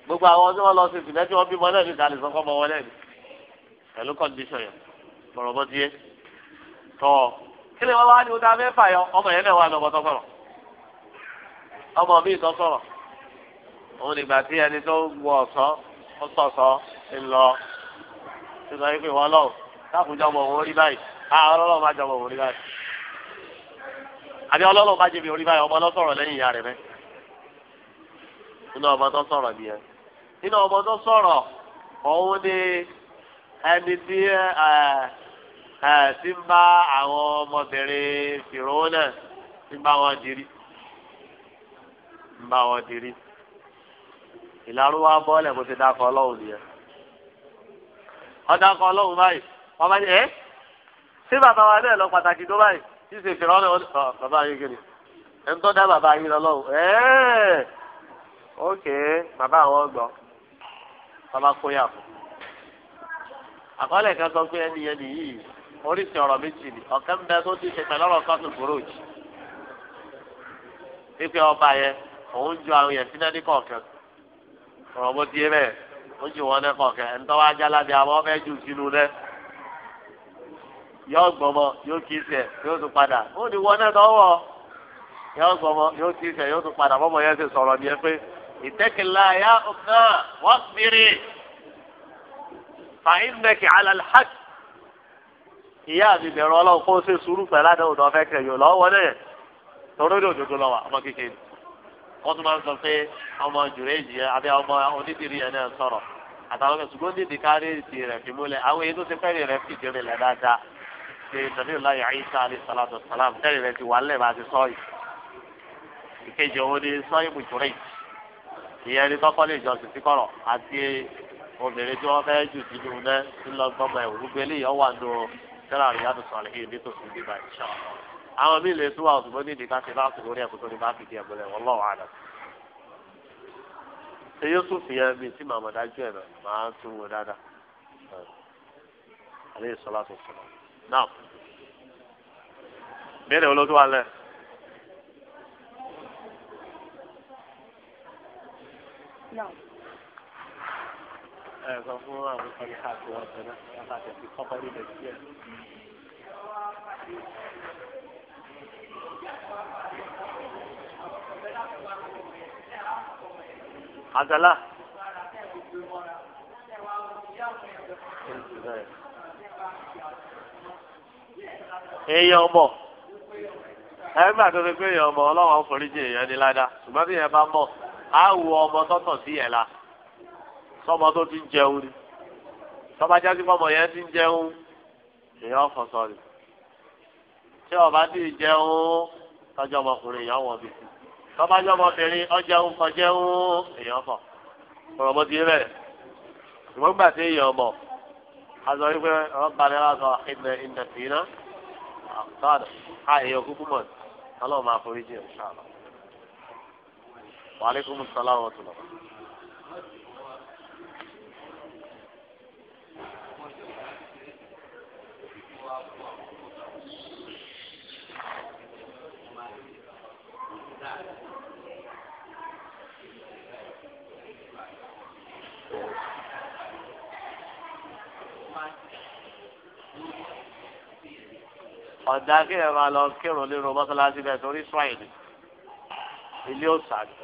gbogbo àwọn tí wọ́n lọ sí ìsìnlẹ̀ tí wọ́n bímọ náà ní ìdálẹ́ sọ́kọ́ ọmọ wọn lẹ́nu pẹ̀lú kọ́ndíṣọ̀ yẹn bọ̀rọ̀ bọ́ díẹ̀ tọ́ kí ni wọ́n wá ní o dáa yọ ọmọ yẹn náà wà lọ́bọ̀ tó sọ̀rọ̀ ọmọ mi tó sọ̀rọ̀ òun nígbà tí ẹni tó wọ ọ̀sán ó sọ̀sọ́ ńlọ ṣùgbọ́n yìí pé wọ́n lọ káàkùnjọ́ ọmọ òun rí báyìí ọlọ́lọ́ jọ báyìí àbí ọlọ́lọ́ máa jẹbi orí báyìí ọmọ lọ sọ̀rọ̀ lẹ́yìn ìyá rẹ̀ mẹ́ nínú ọmọ tó sọ̀rọ̀ nìyẹn nínú ọmọ tó sọ̀rọ̀ òun ni ẹni tí ń bá àwọn ọmọbìnrin náà ń bá wọn dirí ń bá ọ̀dà kan ọlọ́run báyìí wọ́n bá ní ẹ́ ṣé bàbá wa náà lọ pàtàkì tó báyìí tí ṣe fèrè ọ̀nà ọ̀ bàbá yín kiri ẹ̀ ń dá bàbá yín lọ́lọ́run ẹ́ẹ̀ ok bàbá àwọn gbọ́ bàbá kóyà fún àkọọ́lẹ̀ kan sọ pé ẹni yẹn nìyí oríṣi ọ̀rọ̀ méjì ni ọ̀kẹ́ tó ti ṣe pẹ̀lú ọ̀rọ̀ ọba yẹn òun ju àwọn yẹn kọ̀ọ̀kan ọ̀rọ̀ di ó jù wọn lẹ́kọ̀ọ́ kẹ́ ẹ̀ ńtọ́wá jálábi àwọn fẹ́ jù sínú rẹ yọ gbọmọ yóò kí sẹ yóò tún padà ó ní wọn náà tọwọ yọ gbọmọ yóò kí sẹ yóò tún padà bọmọ yẹn ti sọ̀rọ̀ ni ẹ pé ìtẹkìlá ya ọkà wọn mìírì fàìmẹkì alàlhàk ìyá mi bẹ̀rù ọlọ́run kó ṣe sùúrù pẹ̀lú àdáwò náà fẹ́ kẹyọ lọ́wọ́ náà torí ní òdodo lọ́wọ́ ọmọ kékeré wọ́n tún máa ń sọ pé ọmọ jùrẹ́jì abẹ́ ọmọ onídìrí yẹn náà sọ̀rọ̀ àtàwọn ọmọ ṣùgbọ́n dídì kárí ti rẹ̀ fi múlẹ̀ àwọn èyí tó ti fẹ́rẹ̀ rẹ̀ fi jẹrẹ lẹ̀ dáadáa ṣe nàbí ọ̀la yà ayíṣà alẹ́ sàlátọ̀ sàlám fẹ́rẹ̀ rẹ̀ ti wà lẹ̀ bá ti sọ́ọ̀yì. ìkejì òun ni sọ́ọ̀yì bùjúrẹ́ ìyẹn ní tọ́kọ́ lè jọ sí sí kọ̀rọ̀ àti obìnrin tí wọ́n fẹ́ jù sínú náà ńlọ gbọ́mọ ẹ̀ gbogbo eléyìí ọ̀wà nù sẹ́lá yìí nítòsí ṣe yusuf yẹn bíi tí màmá dájú ẹ náà màá tún wò dáadáa aleyhi salatu salam naam béèrè olódó alẹ. ẹ sọ fún àwọn ìkọlẹ káàkiri wọn sọ yàtọ̀ àti kọ́kọ́ nílẹ̀ sí ẹ. Thank you àgàlà. èèyàn ọmọ ẹgbà tó fi pé èèyàn ọmọ ọlọ́wọ́n foríjì èèyàn ní ládàá ṣùgbọ́n bí yẹn bá mọ̀ á wo ọmọ tọ́tọ̀ sí yẹn la sọmọ tó ti ń jẹun ni tọ́ba jáde fọmọ yẹn ti ń jẹun èèyàn fọ̀sọ̀ ni tí ọba ti jẹun tọ́jú ọmọkùnrin èèyàn wọ̀ bìtì tọ́bájọ́ ọmọbìnrin ọjà ń kọjá ń èèyàn mọ̀ ọ̀rọ̀ mọ́ ti rẹ̀ ṣùgbọ́n gbà tí èèyàn mọ̀ azọ wípé ọ̀gbàlẹ̀ azọ ìdẹ̀ ìdẹ̀ sí iná àtọ́dọ̀ a èèyàn kúkú mọ̀ ọlọ́run máa forí jìn ṣáà lọ. wàhálà sọlá wọn tún lọ. ọ̀dà kí ẹ máa lọ kírun lérò mọ́sálásí bẹ́ẹ̀ torí sùwàìlì ilé òsàlẹ̀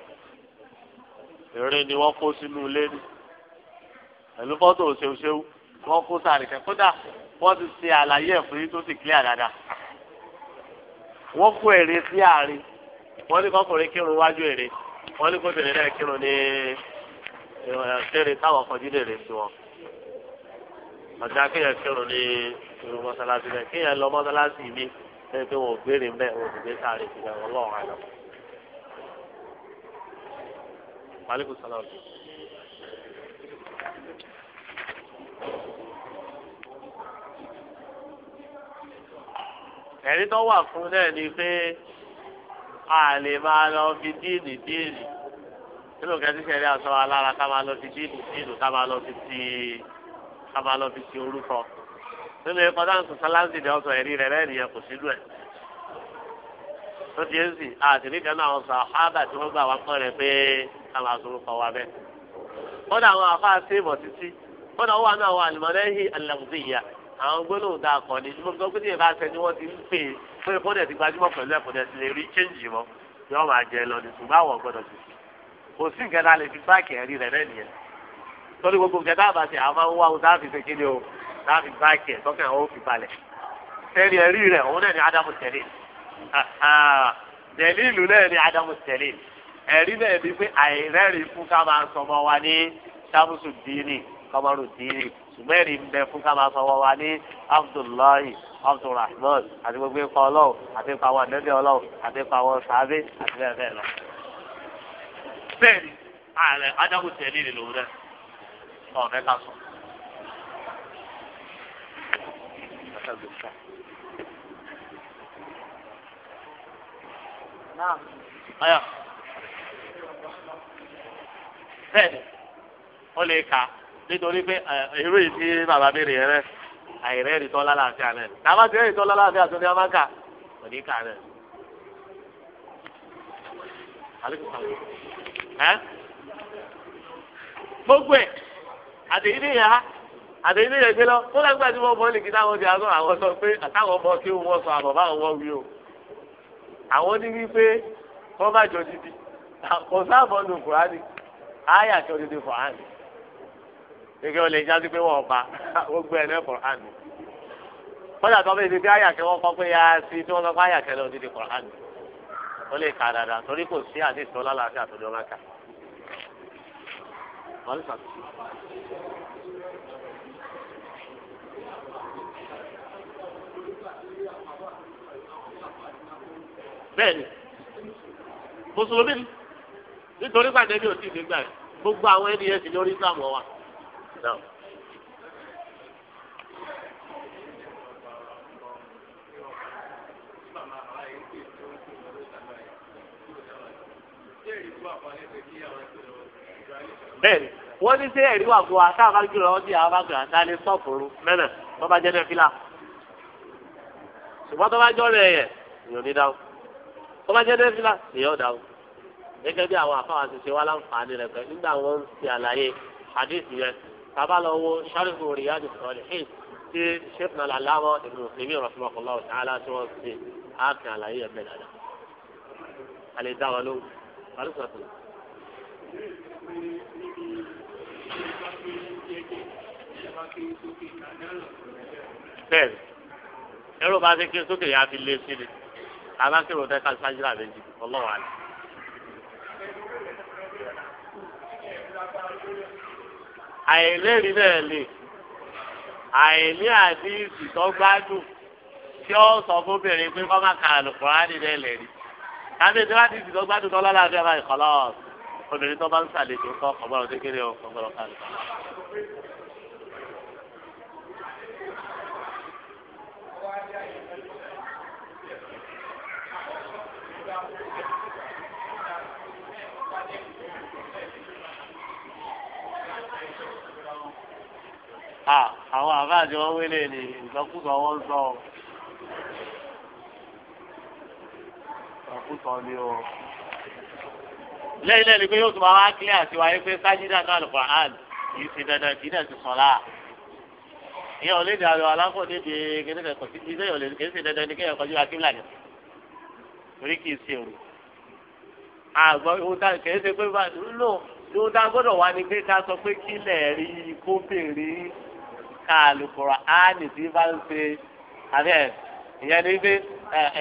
èrè ni wọ́n kó sínú ilé ni pẹ̀lú fọ́tò òṣèṣewu wọ́n kó sáré kẹ́ kódà wọ́n ti ṣe àlàyé ẹ̀ fún yín tó sì clear dáadáa wọ́n kó èrè sí àárín wọ́n ní kọ́kùnrin kírun wájú èrè wọ́n ní kó tẹ̀lé náà kírun ní ẹ̀ẹ́dẹ́rẹ́ eh, táwọn kọjú lè rè sí wọn ọ̀dà kéèyàn kírun ní irú mọ́sálásí rẹ̀ kéèyàn lọ mọ́sálásí mi ṣé pé wọn ò béèrè mbẹ́ wọn ò gbé sáré sílẹ̀ ọlọ́run àná. maaleykum salaam. ẹ̀rí tó wà fún náà ni pé a lè máa lọ fi díìnì díìnì nínú kẹ́tíkẹ́rí àṣọ alára ká máa lọ fi díìnì díìnì ká máa lọ fi ti kaba lọ fi ṣe orúkọ nínú ẹ̀kọ́ dáhùn sálánsì ni ọ̀sán ẹ̀rí rẹ̀ rẹ̀ nìyẹn kò sílù ẹ̀ tó ti ń sìn àtìrí kan náà sọ ábà tí wọ́n gbà wá pọ̀ rẹ̀ pé ká máa sorúkọ wa bẹ́ẹ̀. kódà àwọn afá sí ìmọ̀ títí kódà ó wà ní àwọn àlùmọ́lẹ́hìn àlàmùsíyà àwọn gbólóhùn tá a kọ ni mo gbọ́ pé tí ìbá ṣe ni wọ́n ti ń pè é pé kódà ti gbajúmọ̀ pẹ̀lú ẹ̀kọ́ dẹ̀ ti lè rí chéǹjì mọ́ yọ máa jẹ lọ ní ṣùgbọ́n àwọn gbọ́dọ̀ ti sùn kò sí nǹkan tá lè fi báàkì ẹ̀rí rẹ̀ lẹ́nìyẹn torí gbogbo nǹkan dáàbà sí àwọn máa ń wá ohun dáàbì ṣe kí ni o dáàbì báàkì ẹ̀ tọ́kẹ́ àwọn òfin balẹ̀ sẹ́ni ẹ̀rí rẹ̀ òun náà ni ádámù tẹ̀lé tẹ̀lé ìlú náà ni ádámù tẹ̀lé ẹ̀rí náà ni pé àìrẹ́rìí fún ká máa sọ ọmọ wa ní sábùsù dìínì kọmọrù dìínì ṣùgbọ́n ẹ̀rí ń bẹ fún ká máa sọ ọmọ wa ní abdullahi abdulrahman àti gbogbo ipa ọlọ́wọ́ àti ipa àwọn àdẹ́bẹ̀ ọlọ́wọ́ àti ipa àwọn sàábé àti bẹ́ẹ̀ bẹ́ẹ̀ lọ. bẹ́ẹ̀ ni ààrẹ ádámù tẹ̀lé ìlú náà ọ̀ mẹ́ta sùn. Aya. Bẹ́ẹ̀ni, ó lè kà nítorí pé èrò yìí tí bàbá mi rè é rẹ̀ àìrẹ́ ìrìtọ́ lálàáfíà rẹ̀. Tàbá ti rẹ̀ ìrìtọ́ lálàáfíà tó ní a kà rẹ̀. Gbogbo ẹ̀. àtẹ̀yí ní ìyá àtẹ̀yí ní tí wọ́n bọ́ ní kí táwọn di ọmọ kí wọ́n sọ àbọ̀ báwọn wọ́n wí o àwọn ní wípé wọ́n bá jọ kò sáàbọ̀ nù odidi gẹ́gẹ́ jáde pé wọ́n ẹ̀ bẹ́ẹ̀ kọ́ ya sí tí wọ́n sọ pé áyà lọ odidi kùránì ó lè kà dáadáa torí kò sí àdéhùn bẹ́ẹ̀ ni mùsùlùmí ni nítorí pàdé bí o ti fi gbà yìí gbogbo àwọn ẹni e yẹn sì lórí islam wa. bẹ́ẹ̀ni wọ́n ní sẹ ẹ̀rí wà fún wa táwọn bá gbìyànjú ọdún àwọn bá gbìyànjú àtàlẹ sọfúnrú mẹnà wọ́n bá jẹ náà fílà ṣùgbọ́n tó bá jọ rẹ yẹ ìyọ̀nì kó bá jẹ́ nẹ́fìlà èèyàn dà o gẹ́gẹ́ bí àwọn àfáwọn àṣìṣe wa láǹfààní rẹ̀ pẹ̀ nígbà wọn ń ṣe àlàyé hadith yẹn bàbá lọ wo sharif riyadu salihin tí sheikh nala lamọ ibn muslimi rahimahullah ta'ala tí wọ́n ṣe ààkàn àlàyé ẹ̀mẹ́ dáadáa. àlè dáwọn ló parí sọ̀tún. bẹ́ẹ̀ ẹ̀rọ bá ti ké sókè yá fi lé sí ni abákẹ́rò tẹ́ ká sájúra méjì ọlọ́wà ni. àìlérìí náà lè àìní àdíìsì tó gbádùn tí ó sọ fóbìnrin pé kọ́ máa ka àlùkùránì náà lè rí kábíyèsí tí wọ́n ti dìtò gbádùn tó lọ́la àti ọba ìkọlọ́ obìnrin tó bá ń sàlejò kọ́ ọgbọ́n kékeré ọgbọ́n kan. àwọn àbáàdì wọn wélé ni ìsọkúsọ wọn sọ ìsọkúsọ ni o. lẹ́yìn lẹ́yìn pé yóò tún máa wá kílẹ̀ àti wáyé pé sájídà náà lùkọ̀ hàn kì í ṣe dandan kì í dẹ̀ ti sọ̀ láà. ìyẹn ò lè dà lọ aláfọ̀ níbi kẹ́kẹ́ kọ̀ sí ilé ìyọ̀lẹ̀ kì í ṣe dandan ní kẹ́yọ̀ kọjú akíńlá ni torí kì í ṣe òru. àgbọ̀ ìhùtà kì í ṣe pé bá ka Al-Kùránì tí bá ń ṣe àbí ẹ̀ ìyẹn ní pé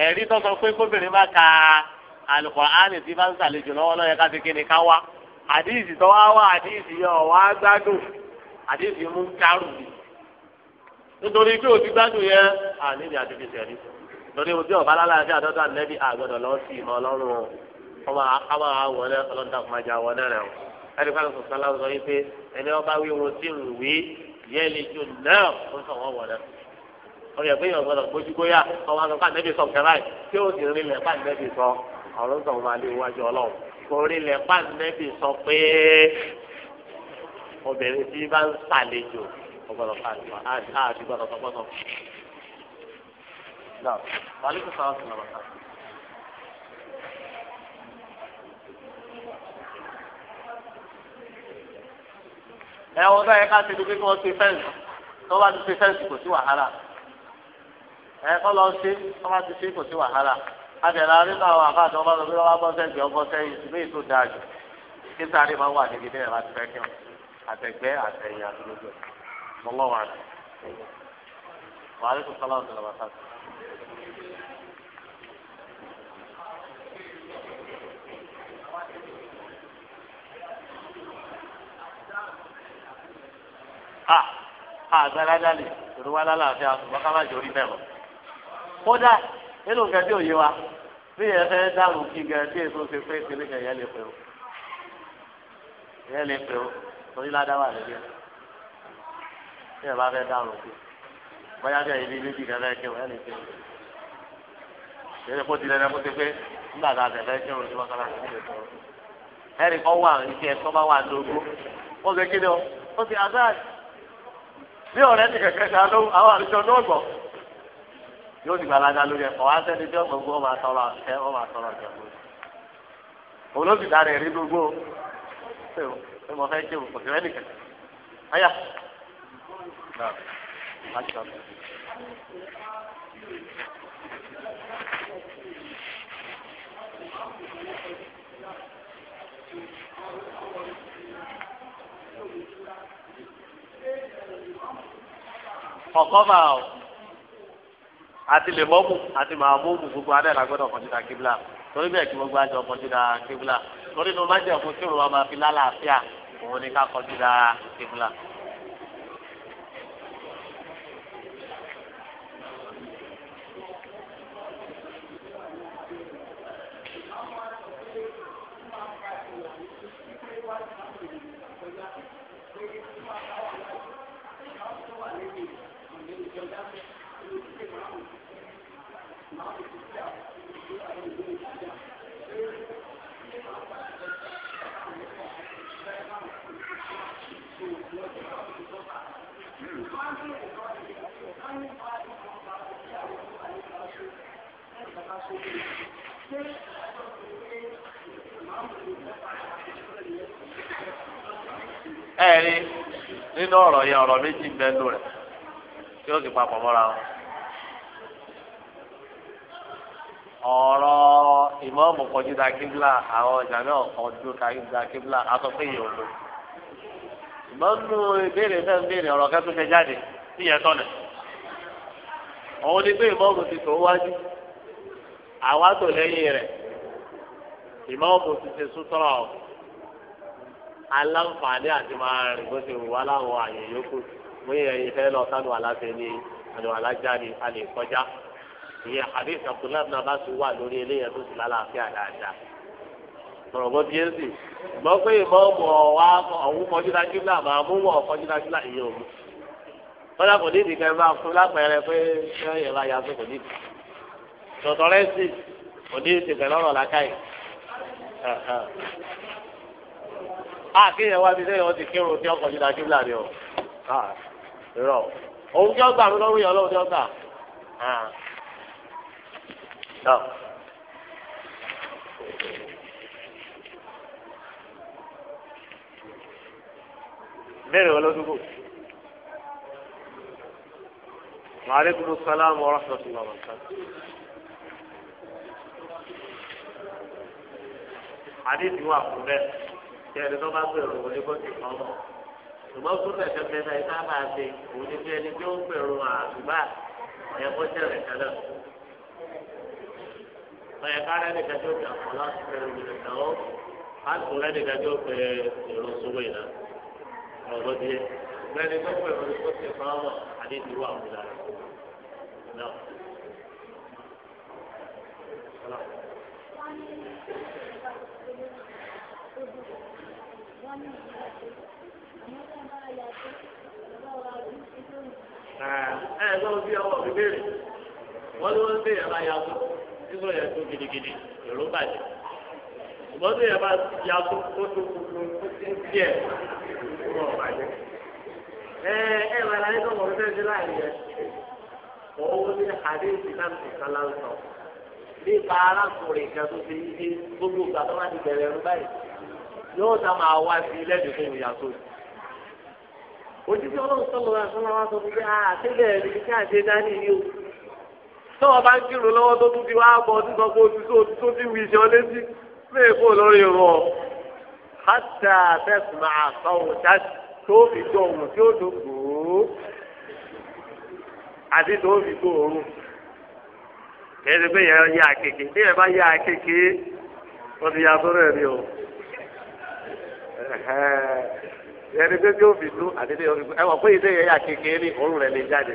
ẹ̀rí tó sọ pé kóbìnrin bá ka Al-Kùránì tí bá ń ṣàlejò lọ́wọ́ lọ́yẹ ká ti kíni ká wá àdìsí tó wá wá àdìsí ọ̀wá gbádùn àdìsí mú kárù ni nítorí pé òtí gbádùn yẹn àníbi àti fi sẹ̀rí torí ojú ọ̀bá lálàáfíà dọ́dọ̀ ànẹ́bí àgbọ̀dọ̀ lọ́ọ́ sí ìmọ̀ ọlọ́run ọmọ àwọn àwọn ọlọ́dà kò máa jẹ àwọn ọ̀nà rẹ̀ o ẹni pàtàkì sọ̀tàn láwùjọ yìí pé ẹni ọba wí wọn sí ń wí yẹlẹ ju náà ó sọ wọn wọlé ọyọ pé yọ gbọ́dọ̀ gbójú gbóyà ọwọ́ àgbà nẹbi sọ kẹrẹ ẹ tí ó sì rí lẹpa nẹbi sọ ọ̀rọ̀ sọ wọn alẹ wájú Ọlọ́run kò lẹpa nẹbi sọ pé obìnrin tí bá ń sàlejò ọgbọ́dọ̀ fàlùfà àti àti gbọ́dọ̀ sọgbọdọ. Wàlúùkù sọ̀rọ̀ sọ̀rọ̀ sọ̀rọ̀. ẹ̀wọ̀n tó yẹ ká ṣe dúpẹ́ kí wọ́n ṣe fẹ́ǹsì tó bá ti ṣe fẹ́ǹsì kò sí wàhálà ẹ̀ kọ́ lọ ṣe tó bá ti ṣe kò sí wàhálà àtẹ̀lẹ́ arínú àwọn àkáàtì ọba tó bá bọ́ sẹ́gbẹ̀ẹ́ ọgbọ́n sẹ́yìn ìsúnmí dáa jù kí sáré máa wà níbi bẹ́ẹ̀ láti fẹ́ kí wọn àtẹ̀gbẹ́ àtẹ̀yìn Ha àgbàlá dálé ìlú wa lálàáfíà ṣùgbọ́n ká má jẹ orí bẹ́ẹ̀ kódà nínú nǹkan tí òye wa bí yẹn fẹ́ dáhùn kí gẹ̀ bí èso ṣe pé ìpínlẹ̀ kan yẹn lè pè ó yẹn lè pè ó torí ládàá wà yẹn bá kí bí kan yẹn lè pè ó yẹn kó tilẹ̀ náà kó ti pé nígbà tá a tẹ̀ fẹ́ kéwòn ní tó ẹ̀rì wà wà lógo ó ṣe kí ni ó bí ọ̀rẹ́ ti kẹ̀kẹ́ ṣe alóhùn àwọn àlùjọ náà gbọ́ yóò ti gbalaga lórí ẹ̀kọ́ wá sẹ́ni tí ọ̀gbọ̀n gbọ́ máa tọrọ ẹ̀ ọ́ máa tọrọ ẹ̀ olókìtà rẹ̀ rí gbogbo ṣé mo fẹ́ ṣe òkè rẹ̀ nìkan ayá. ọ̀kọ́ bá o àti lè mọ́mù àti màmúmù gbogbo adé la gbọ́dọ̀ kọ̀ǹtínà kíbla torí bẹ́ẹ̀ kí gbogbo àjọ kọ̀ǹtínà kíbla torí ní o má jẹ́ òfin kí òun wa máa fi lálàáfíà òun ni ká kọ̀ǹtínà kíbla. ẹ̀rí nínú ọ̀rọ̀ yẹn ọ̀rọ̀ méjì ń bẹ́ẹ̀ lò rẹ̀ tí ó sì papọ̀ mọ́ra wọn. ọ̀rọ̀ ìmọ̀ọ́mù kọjú da kíbla àwọn ọjà náà kọjú da kíbla asọ́pẹ́ yìí ìmọ̀ọ́nù ìbéèrè náà ń ọ̀rọ̀ kẹ́tù fẹ́ jáde sí tọ́nà. òun ni pé ìmọ̀ọ́mù ti tó wájú àwa tó lẹ́yìn rẹ̀ ìmọ̀ọ́mù ti ṣe sútọ́rọ̀ aláǹfààní àti máa rìn bó ṣe wà láwọn àyè yòókù mú ìrẹ̀yìn fẹ́ lọ sánú aláṣẹ ní àdùn alájà ni a lè kọjá ìyẹn hadith abdullahi bin abbas wà lórí eléyẹn tó sì lálàáfíà dáadáa mọ̀rọ̀bọ́ bíi ẹ̀sì mọ̀ pé ìmọ̀ọ́mù ọ̀wá ọ̀hún kọjúlá júlá máa mú wọn kọjúlá júlá ìyẹn òun kọ́lá kò ní ìdíkẹ́ máa fún lápẹ̀rẹ̀ pé ṣé ẹ̀yẹ̀ bá yá kò ní ìdíkẹ́ tọ̀tọ̀rẹ́ sí òní ti bẹ̀rẹ̀ ọ̀rọ̀ làkàyè. a kéèyàn wá bí sẹ́yìn wọn ti kírun tí ọkọ̀ yìí dájú láàrin o. rọ òun tí ó gbà mí lọ́wọ́ yẹn ọlọ́run tí ó gbà. bẹ́ẹ̀ni wọn ló dúró. Wa alaikum salaam wa rahmatullahi wa barakatuh. àdéhùn wà fún bẹ́ẹ̀ tí ẹni tó bá gbèrò òun ni kò sì kàn mọ́ ṣùgbọ́n fún ẹ̀fẹ́ mẹ́ta ìta máa ṣe òun ni bí ẹni tí ó ń gbèrò àdúgbà ẹ̀kọ́ jẹ̀rẹ̀ kẹlẹ̀ ọ̀yẹ̀ kárẹ́ nìkan tó fi àpọ̀ láti fẹ́ ìrìnà ìdáwó láti rẹ́ nìkan tó fi èrò sówó ìlà ọ̀rọ̀ bó ti tó fi èrò sówó ìlà àdéhùn wà fún ẹ ẹ lọ́wọ́ bí ọwọ́ mi béèrè wọ́n ló ń béèrè máa yàgò nígbà yẹn tó gidigidi èrò bàjẹ́ ṣùgbọ́n tó yẹ bá yàgò tó tó kúkú tó ti ń díẹ̀ kúrò bàjẹ́. ẹ ẹ wà láyé tó wọ́n fẹ́ẹ́ láàyè yẹn owó ní àdéhùn náà ti kan láǹtọ̀ nípa arákùnrin kan tó ti ń gbogbo ìgbà tó bẹ̀rẹ̀ ẹ̀rú báyìí yóò sá máa wá sí lẹ́nu fún ìyàtọ̀ òjijì ọlọ́run sọ̀rọ̀ wá sọ́nà wá sọ fún mi àtẹ́lẹ̀ ẹ̀rí kí àṣẹ dání yìí o tọ́wọ́ bá ń kírun lọ́wọ́ tó tún fi wá bọ̀ ọdún sọ pé ojú tó ti wù ìṣẹ́ létí lè kó lórí rọ̀ hátà fẹ́sùmá àfọwọ́ dájú tó fi tó òun tí ó dùn gbòó àti tó fi tó òun kẹ́sì pé yẹn yá kéke tí yẹn bá yá kéke wọ́n ti yá sọ́rọ̀ ẹ̀rí ẹni pé tí ó fi dún àdédé ọdún ndị wọ pé ilé yẹn yà kékeré ní òórùn rẹ lè jáde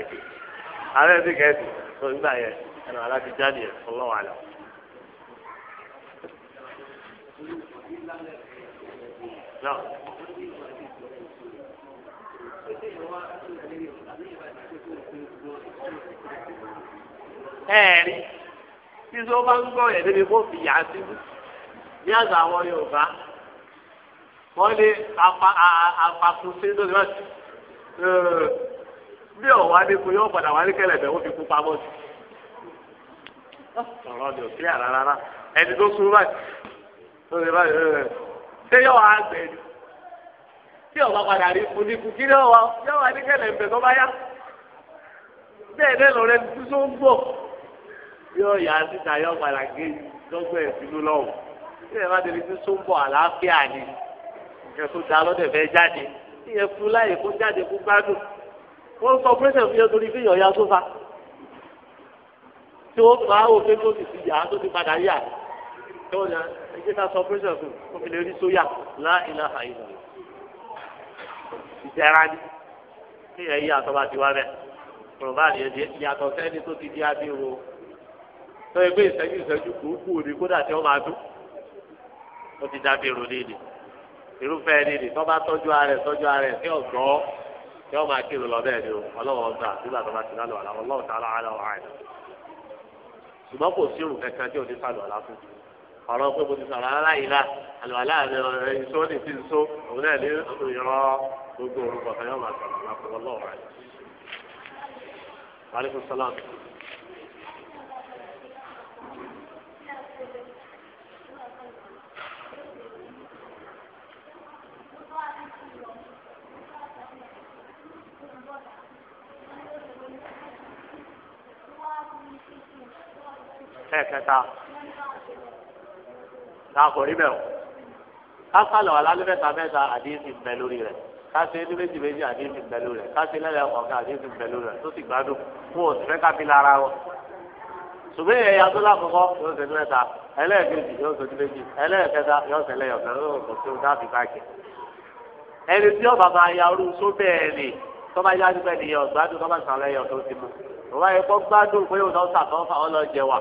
ààrẹ ti kẹsì tó ń gbà yẹ ẹnu aláti jáde yẹ ọlọ́wọ́ àlọ́. ẹ̀ẹ́rì tí tó bá ń gbọ́ yẹ̀ débi kó fìyà sí ní àgbà àwọn Yorùbá. wọ́n lé apakùnfé lórí wọn bí ọ̀wá nípo yóò padà wá ní kẹlẹ̀bẹ̀ ó fi kú pamọ́ sí. ọ̀rọ̀ ni ò sí àrà rárá ẹni tó sún báyìí tó lè báyìí ṣé yóò wá gbẹ ni tí ọ̀wá padà rí fún ní kú kí ni ọ̀wá yóò wá ní kẹlẹ̀bẹ̀ tó bá yá bẹ́ẹ̀ náà lọ́rẹ́ tó tó ń bọ̀ yóò yá síta yóò padà gé lọ́gbẹ̀ẹ́ sínú lọ́wọ́ tí ẹ̀ bá tẹ̀lé tó tó ń bọ̀ àlàáfíà ni ìyẹn tó da lọ́dẹ̀ fẹ́ jáde ìyẹn fún láyè kó jáde kó gbádùn wọ́n sọ pírẹ́sẹ̀ fún yẹn torí fíyàn ya sófa tí wọ́n tún máa wò pé tó ti ti yà á tó ti padà yà tí wọ́n yà ẹgbẹ́ ká sọ pírẹ́sẹ̀ fún kó fi lè rí sóyà láìlà àìlà ìjẹra ni kíyàn yí àtọ́ bá ti wá bẹ́ẹ̀ kùrùbá ni yàtọ̀ sẹ́ni tó ti di abíwo tó ẹgbẹ́ ìṣẹ́jú ìṣẹ́jú kúkú ni kódà tí wọ́n máa dún ó ti dábìrò irúfẹ́ ẹni nì tọ́ba tọ́jú arẹ tọ́jú arẹ tí ọ̀gbọ́ tí ọ̀ma kírun lọ bẹ́ẹ̀ ni o ọlọ́wọ́ ọgbà nígbà tó bá ti lálọ́ àlọ́ ọlọ́wọ́ tá a lọ́ àlọ́ ṣùgbọ́n kò sí irun kankan tí o ti sàlọ̀ àlá fún ọ̀rọ̀ pé mo ti sọ̀rọ̀ ara àlọ́ àlá rẹ ìṣó ní ti ṣó òun náà ní ìrọ̀ gbogbo orúkọ kan yóò ẹ̀kẹta náà kò rí bẹ́ẹ̀ o kásálọ̀ alálẹ́mẹ́ta mẹ́ta àdéhìí ń bẹ lórí rẹ̀ kásẹ̀ ní méjì méjì àdéhìí ń bẹ lórí rẹ̀ kásẹ̀ lẹ́yìn ọ̀kan àdéhìí ń bẹ lórí rẹ̀ tó ti gbádùn fún òsì fẹ́ kábí lára wọn. ṣùgbọ́n ìyẹn yàtọ̀ lákòókò yóò ṣe ní mẹ́ta ẹlẹ́ẹ̀kejì yóò ṣe ní méjì ẹlẹ́ẹ̀kẹta yóò ṣe lẹ́yìn ọ̀kan yóò tó dábì báàkì. ẹni tí ọba máa ya orú só bẹ́ẹ̀ yá ti mú. òwá ẹ̀kọ́ gbádùn pé òun náà sàkọ́ fà ọ́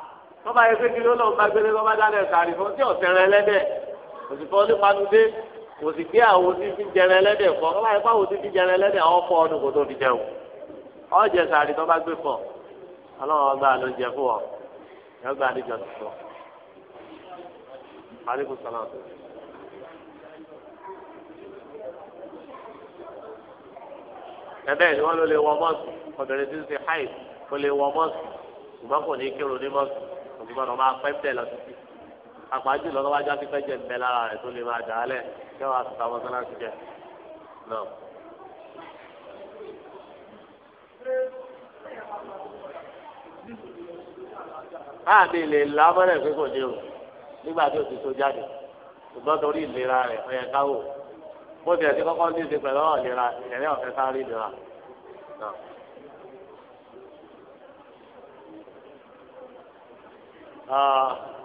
tọ́ba yẹ kékeré ó lọ́n bá gbélé tọ́ba dáná ẹ̀ sàrí fún tí ọ̀sẹ̀rẹ̀ ẹlẹ́dẹ̀ òsìkò onípanudé òsìkè àwọn tí fi jẹrẹ ẹlẹ́dẹ̀ fọ́ tọ́ba yẹ fáwọn tí fi jẹrẹ ẹlẹ́dẹ̀ àwọn fọ́ ọdún kò tó fi jẹun ọ̀jẹ̀ sàrí tọ́ba gbé fọ́ ọlọ́run ọgbà ló ń jẹ fún ọ ẹgbẹ́ àdéjọ ti sọ. aleykum salaam. ẹ̀bẹ̀ ni wọ́n ló lè wọ mọ́ọ̀sì obìnrin tí ń ṣe háì kó lè wọ mọ́ọ̀sì ṣùgbọ́n kò ní kírun kò ní gbọ́dọ̀ máa pẹ́ bẹ́ẹ̀ lọ títí àpájù lọ́wọ́ wájú àti pẹ́jẹ ń bẹ lára rẹ̀ tó lè máa dà á lẹ̀ kí wọ́n á sọ àwọn sọ́nà ti jẹ náà. káàdì lè la mọ́lẹ̀ pé kò dé o nígbà tí o ti so jáde ṣùgbọ́n torí ìlera rẹ̀ ọ̀yẹ̀ káwò bó tiẹ̀ ti kọ́kọ́ ní ìsìn pẹ̀lú ọ̀lera ìrẹ̀lẹ̀ ọ̀fẹ́ sáré ìlera náà. 啊。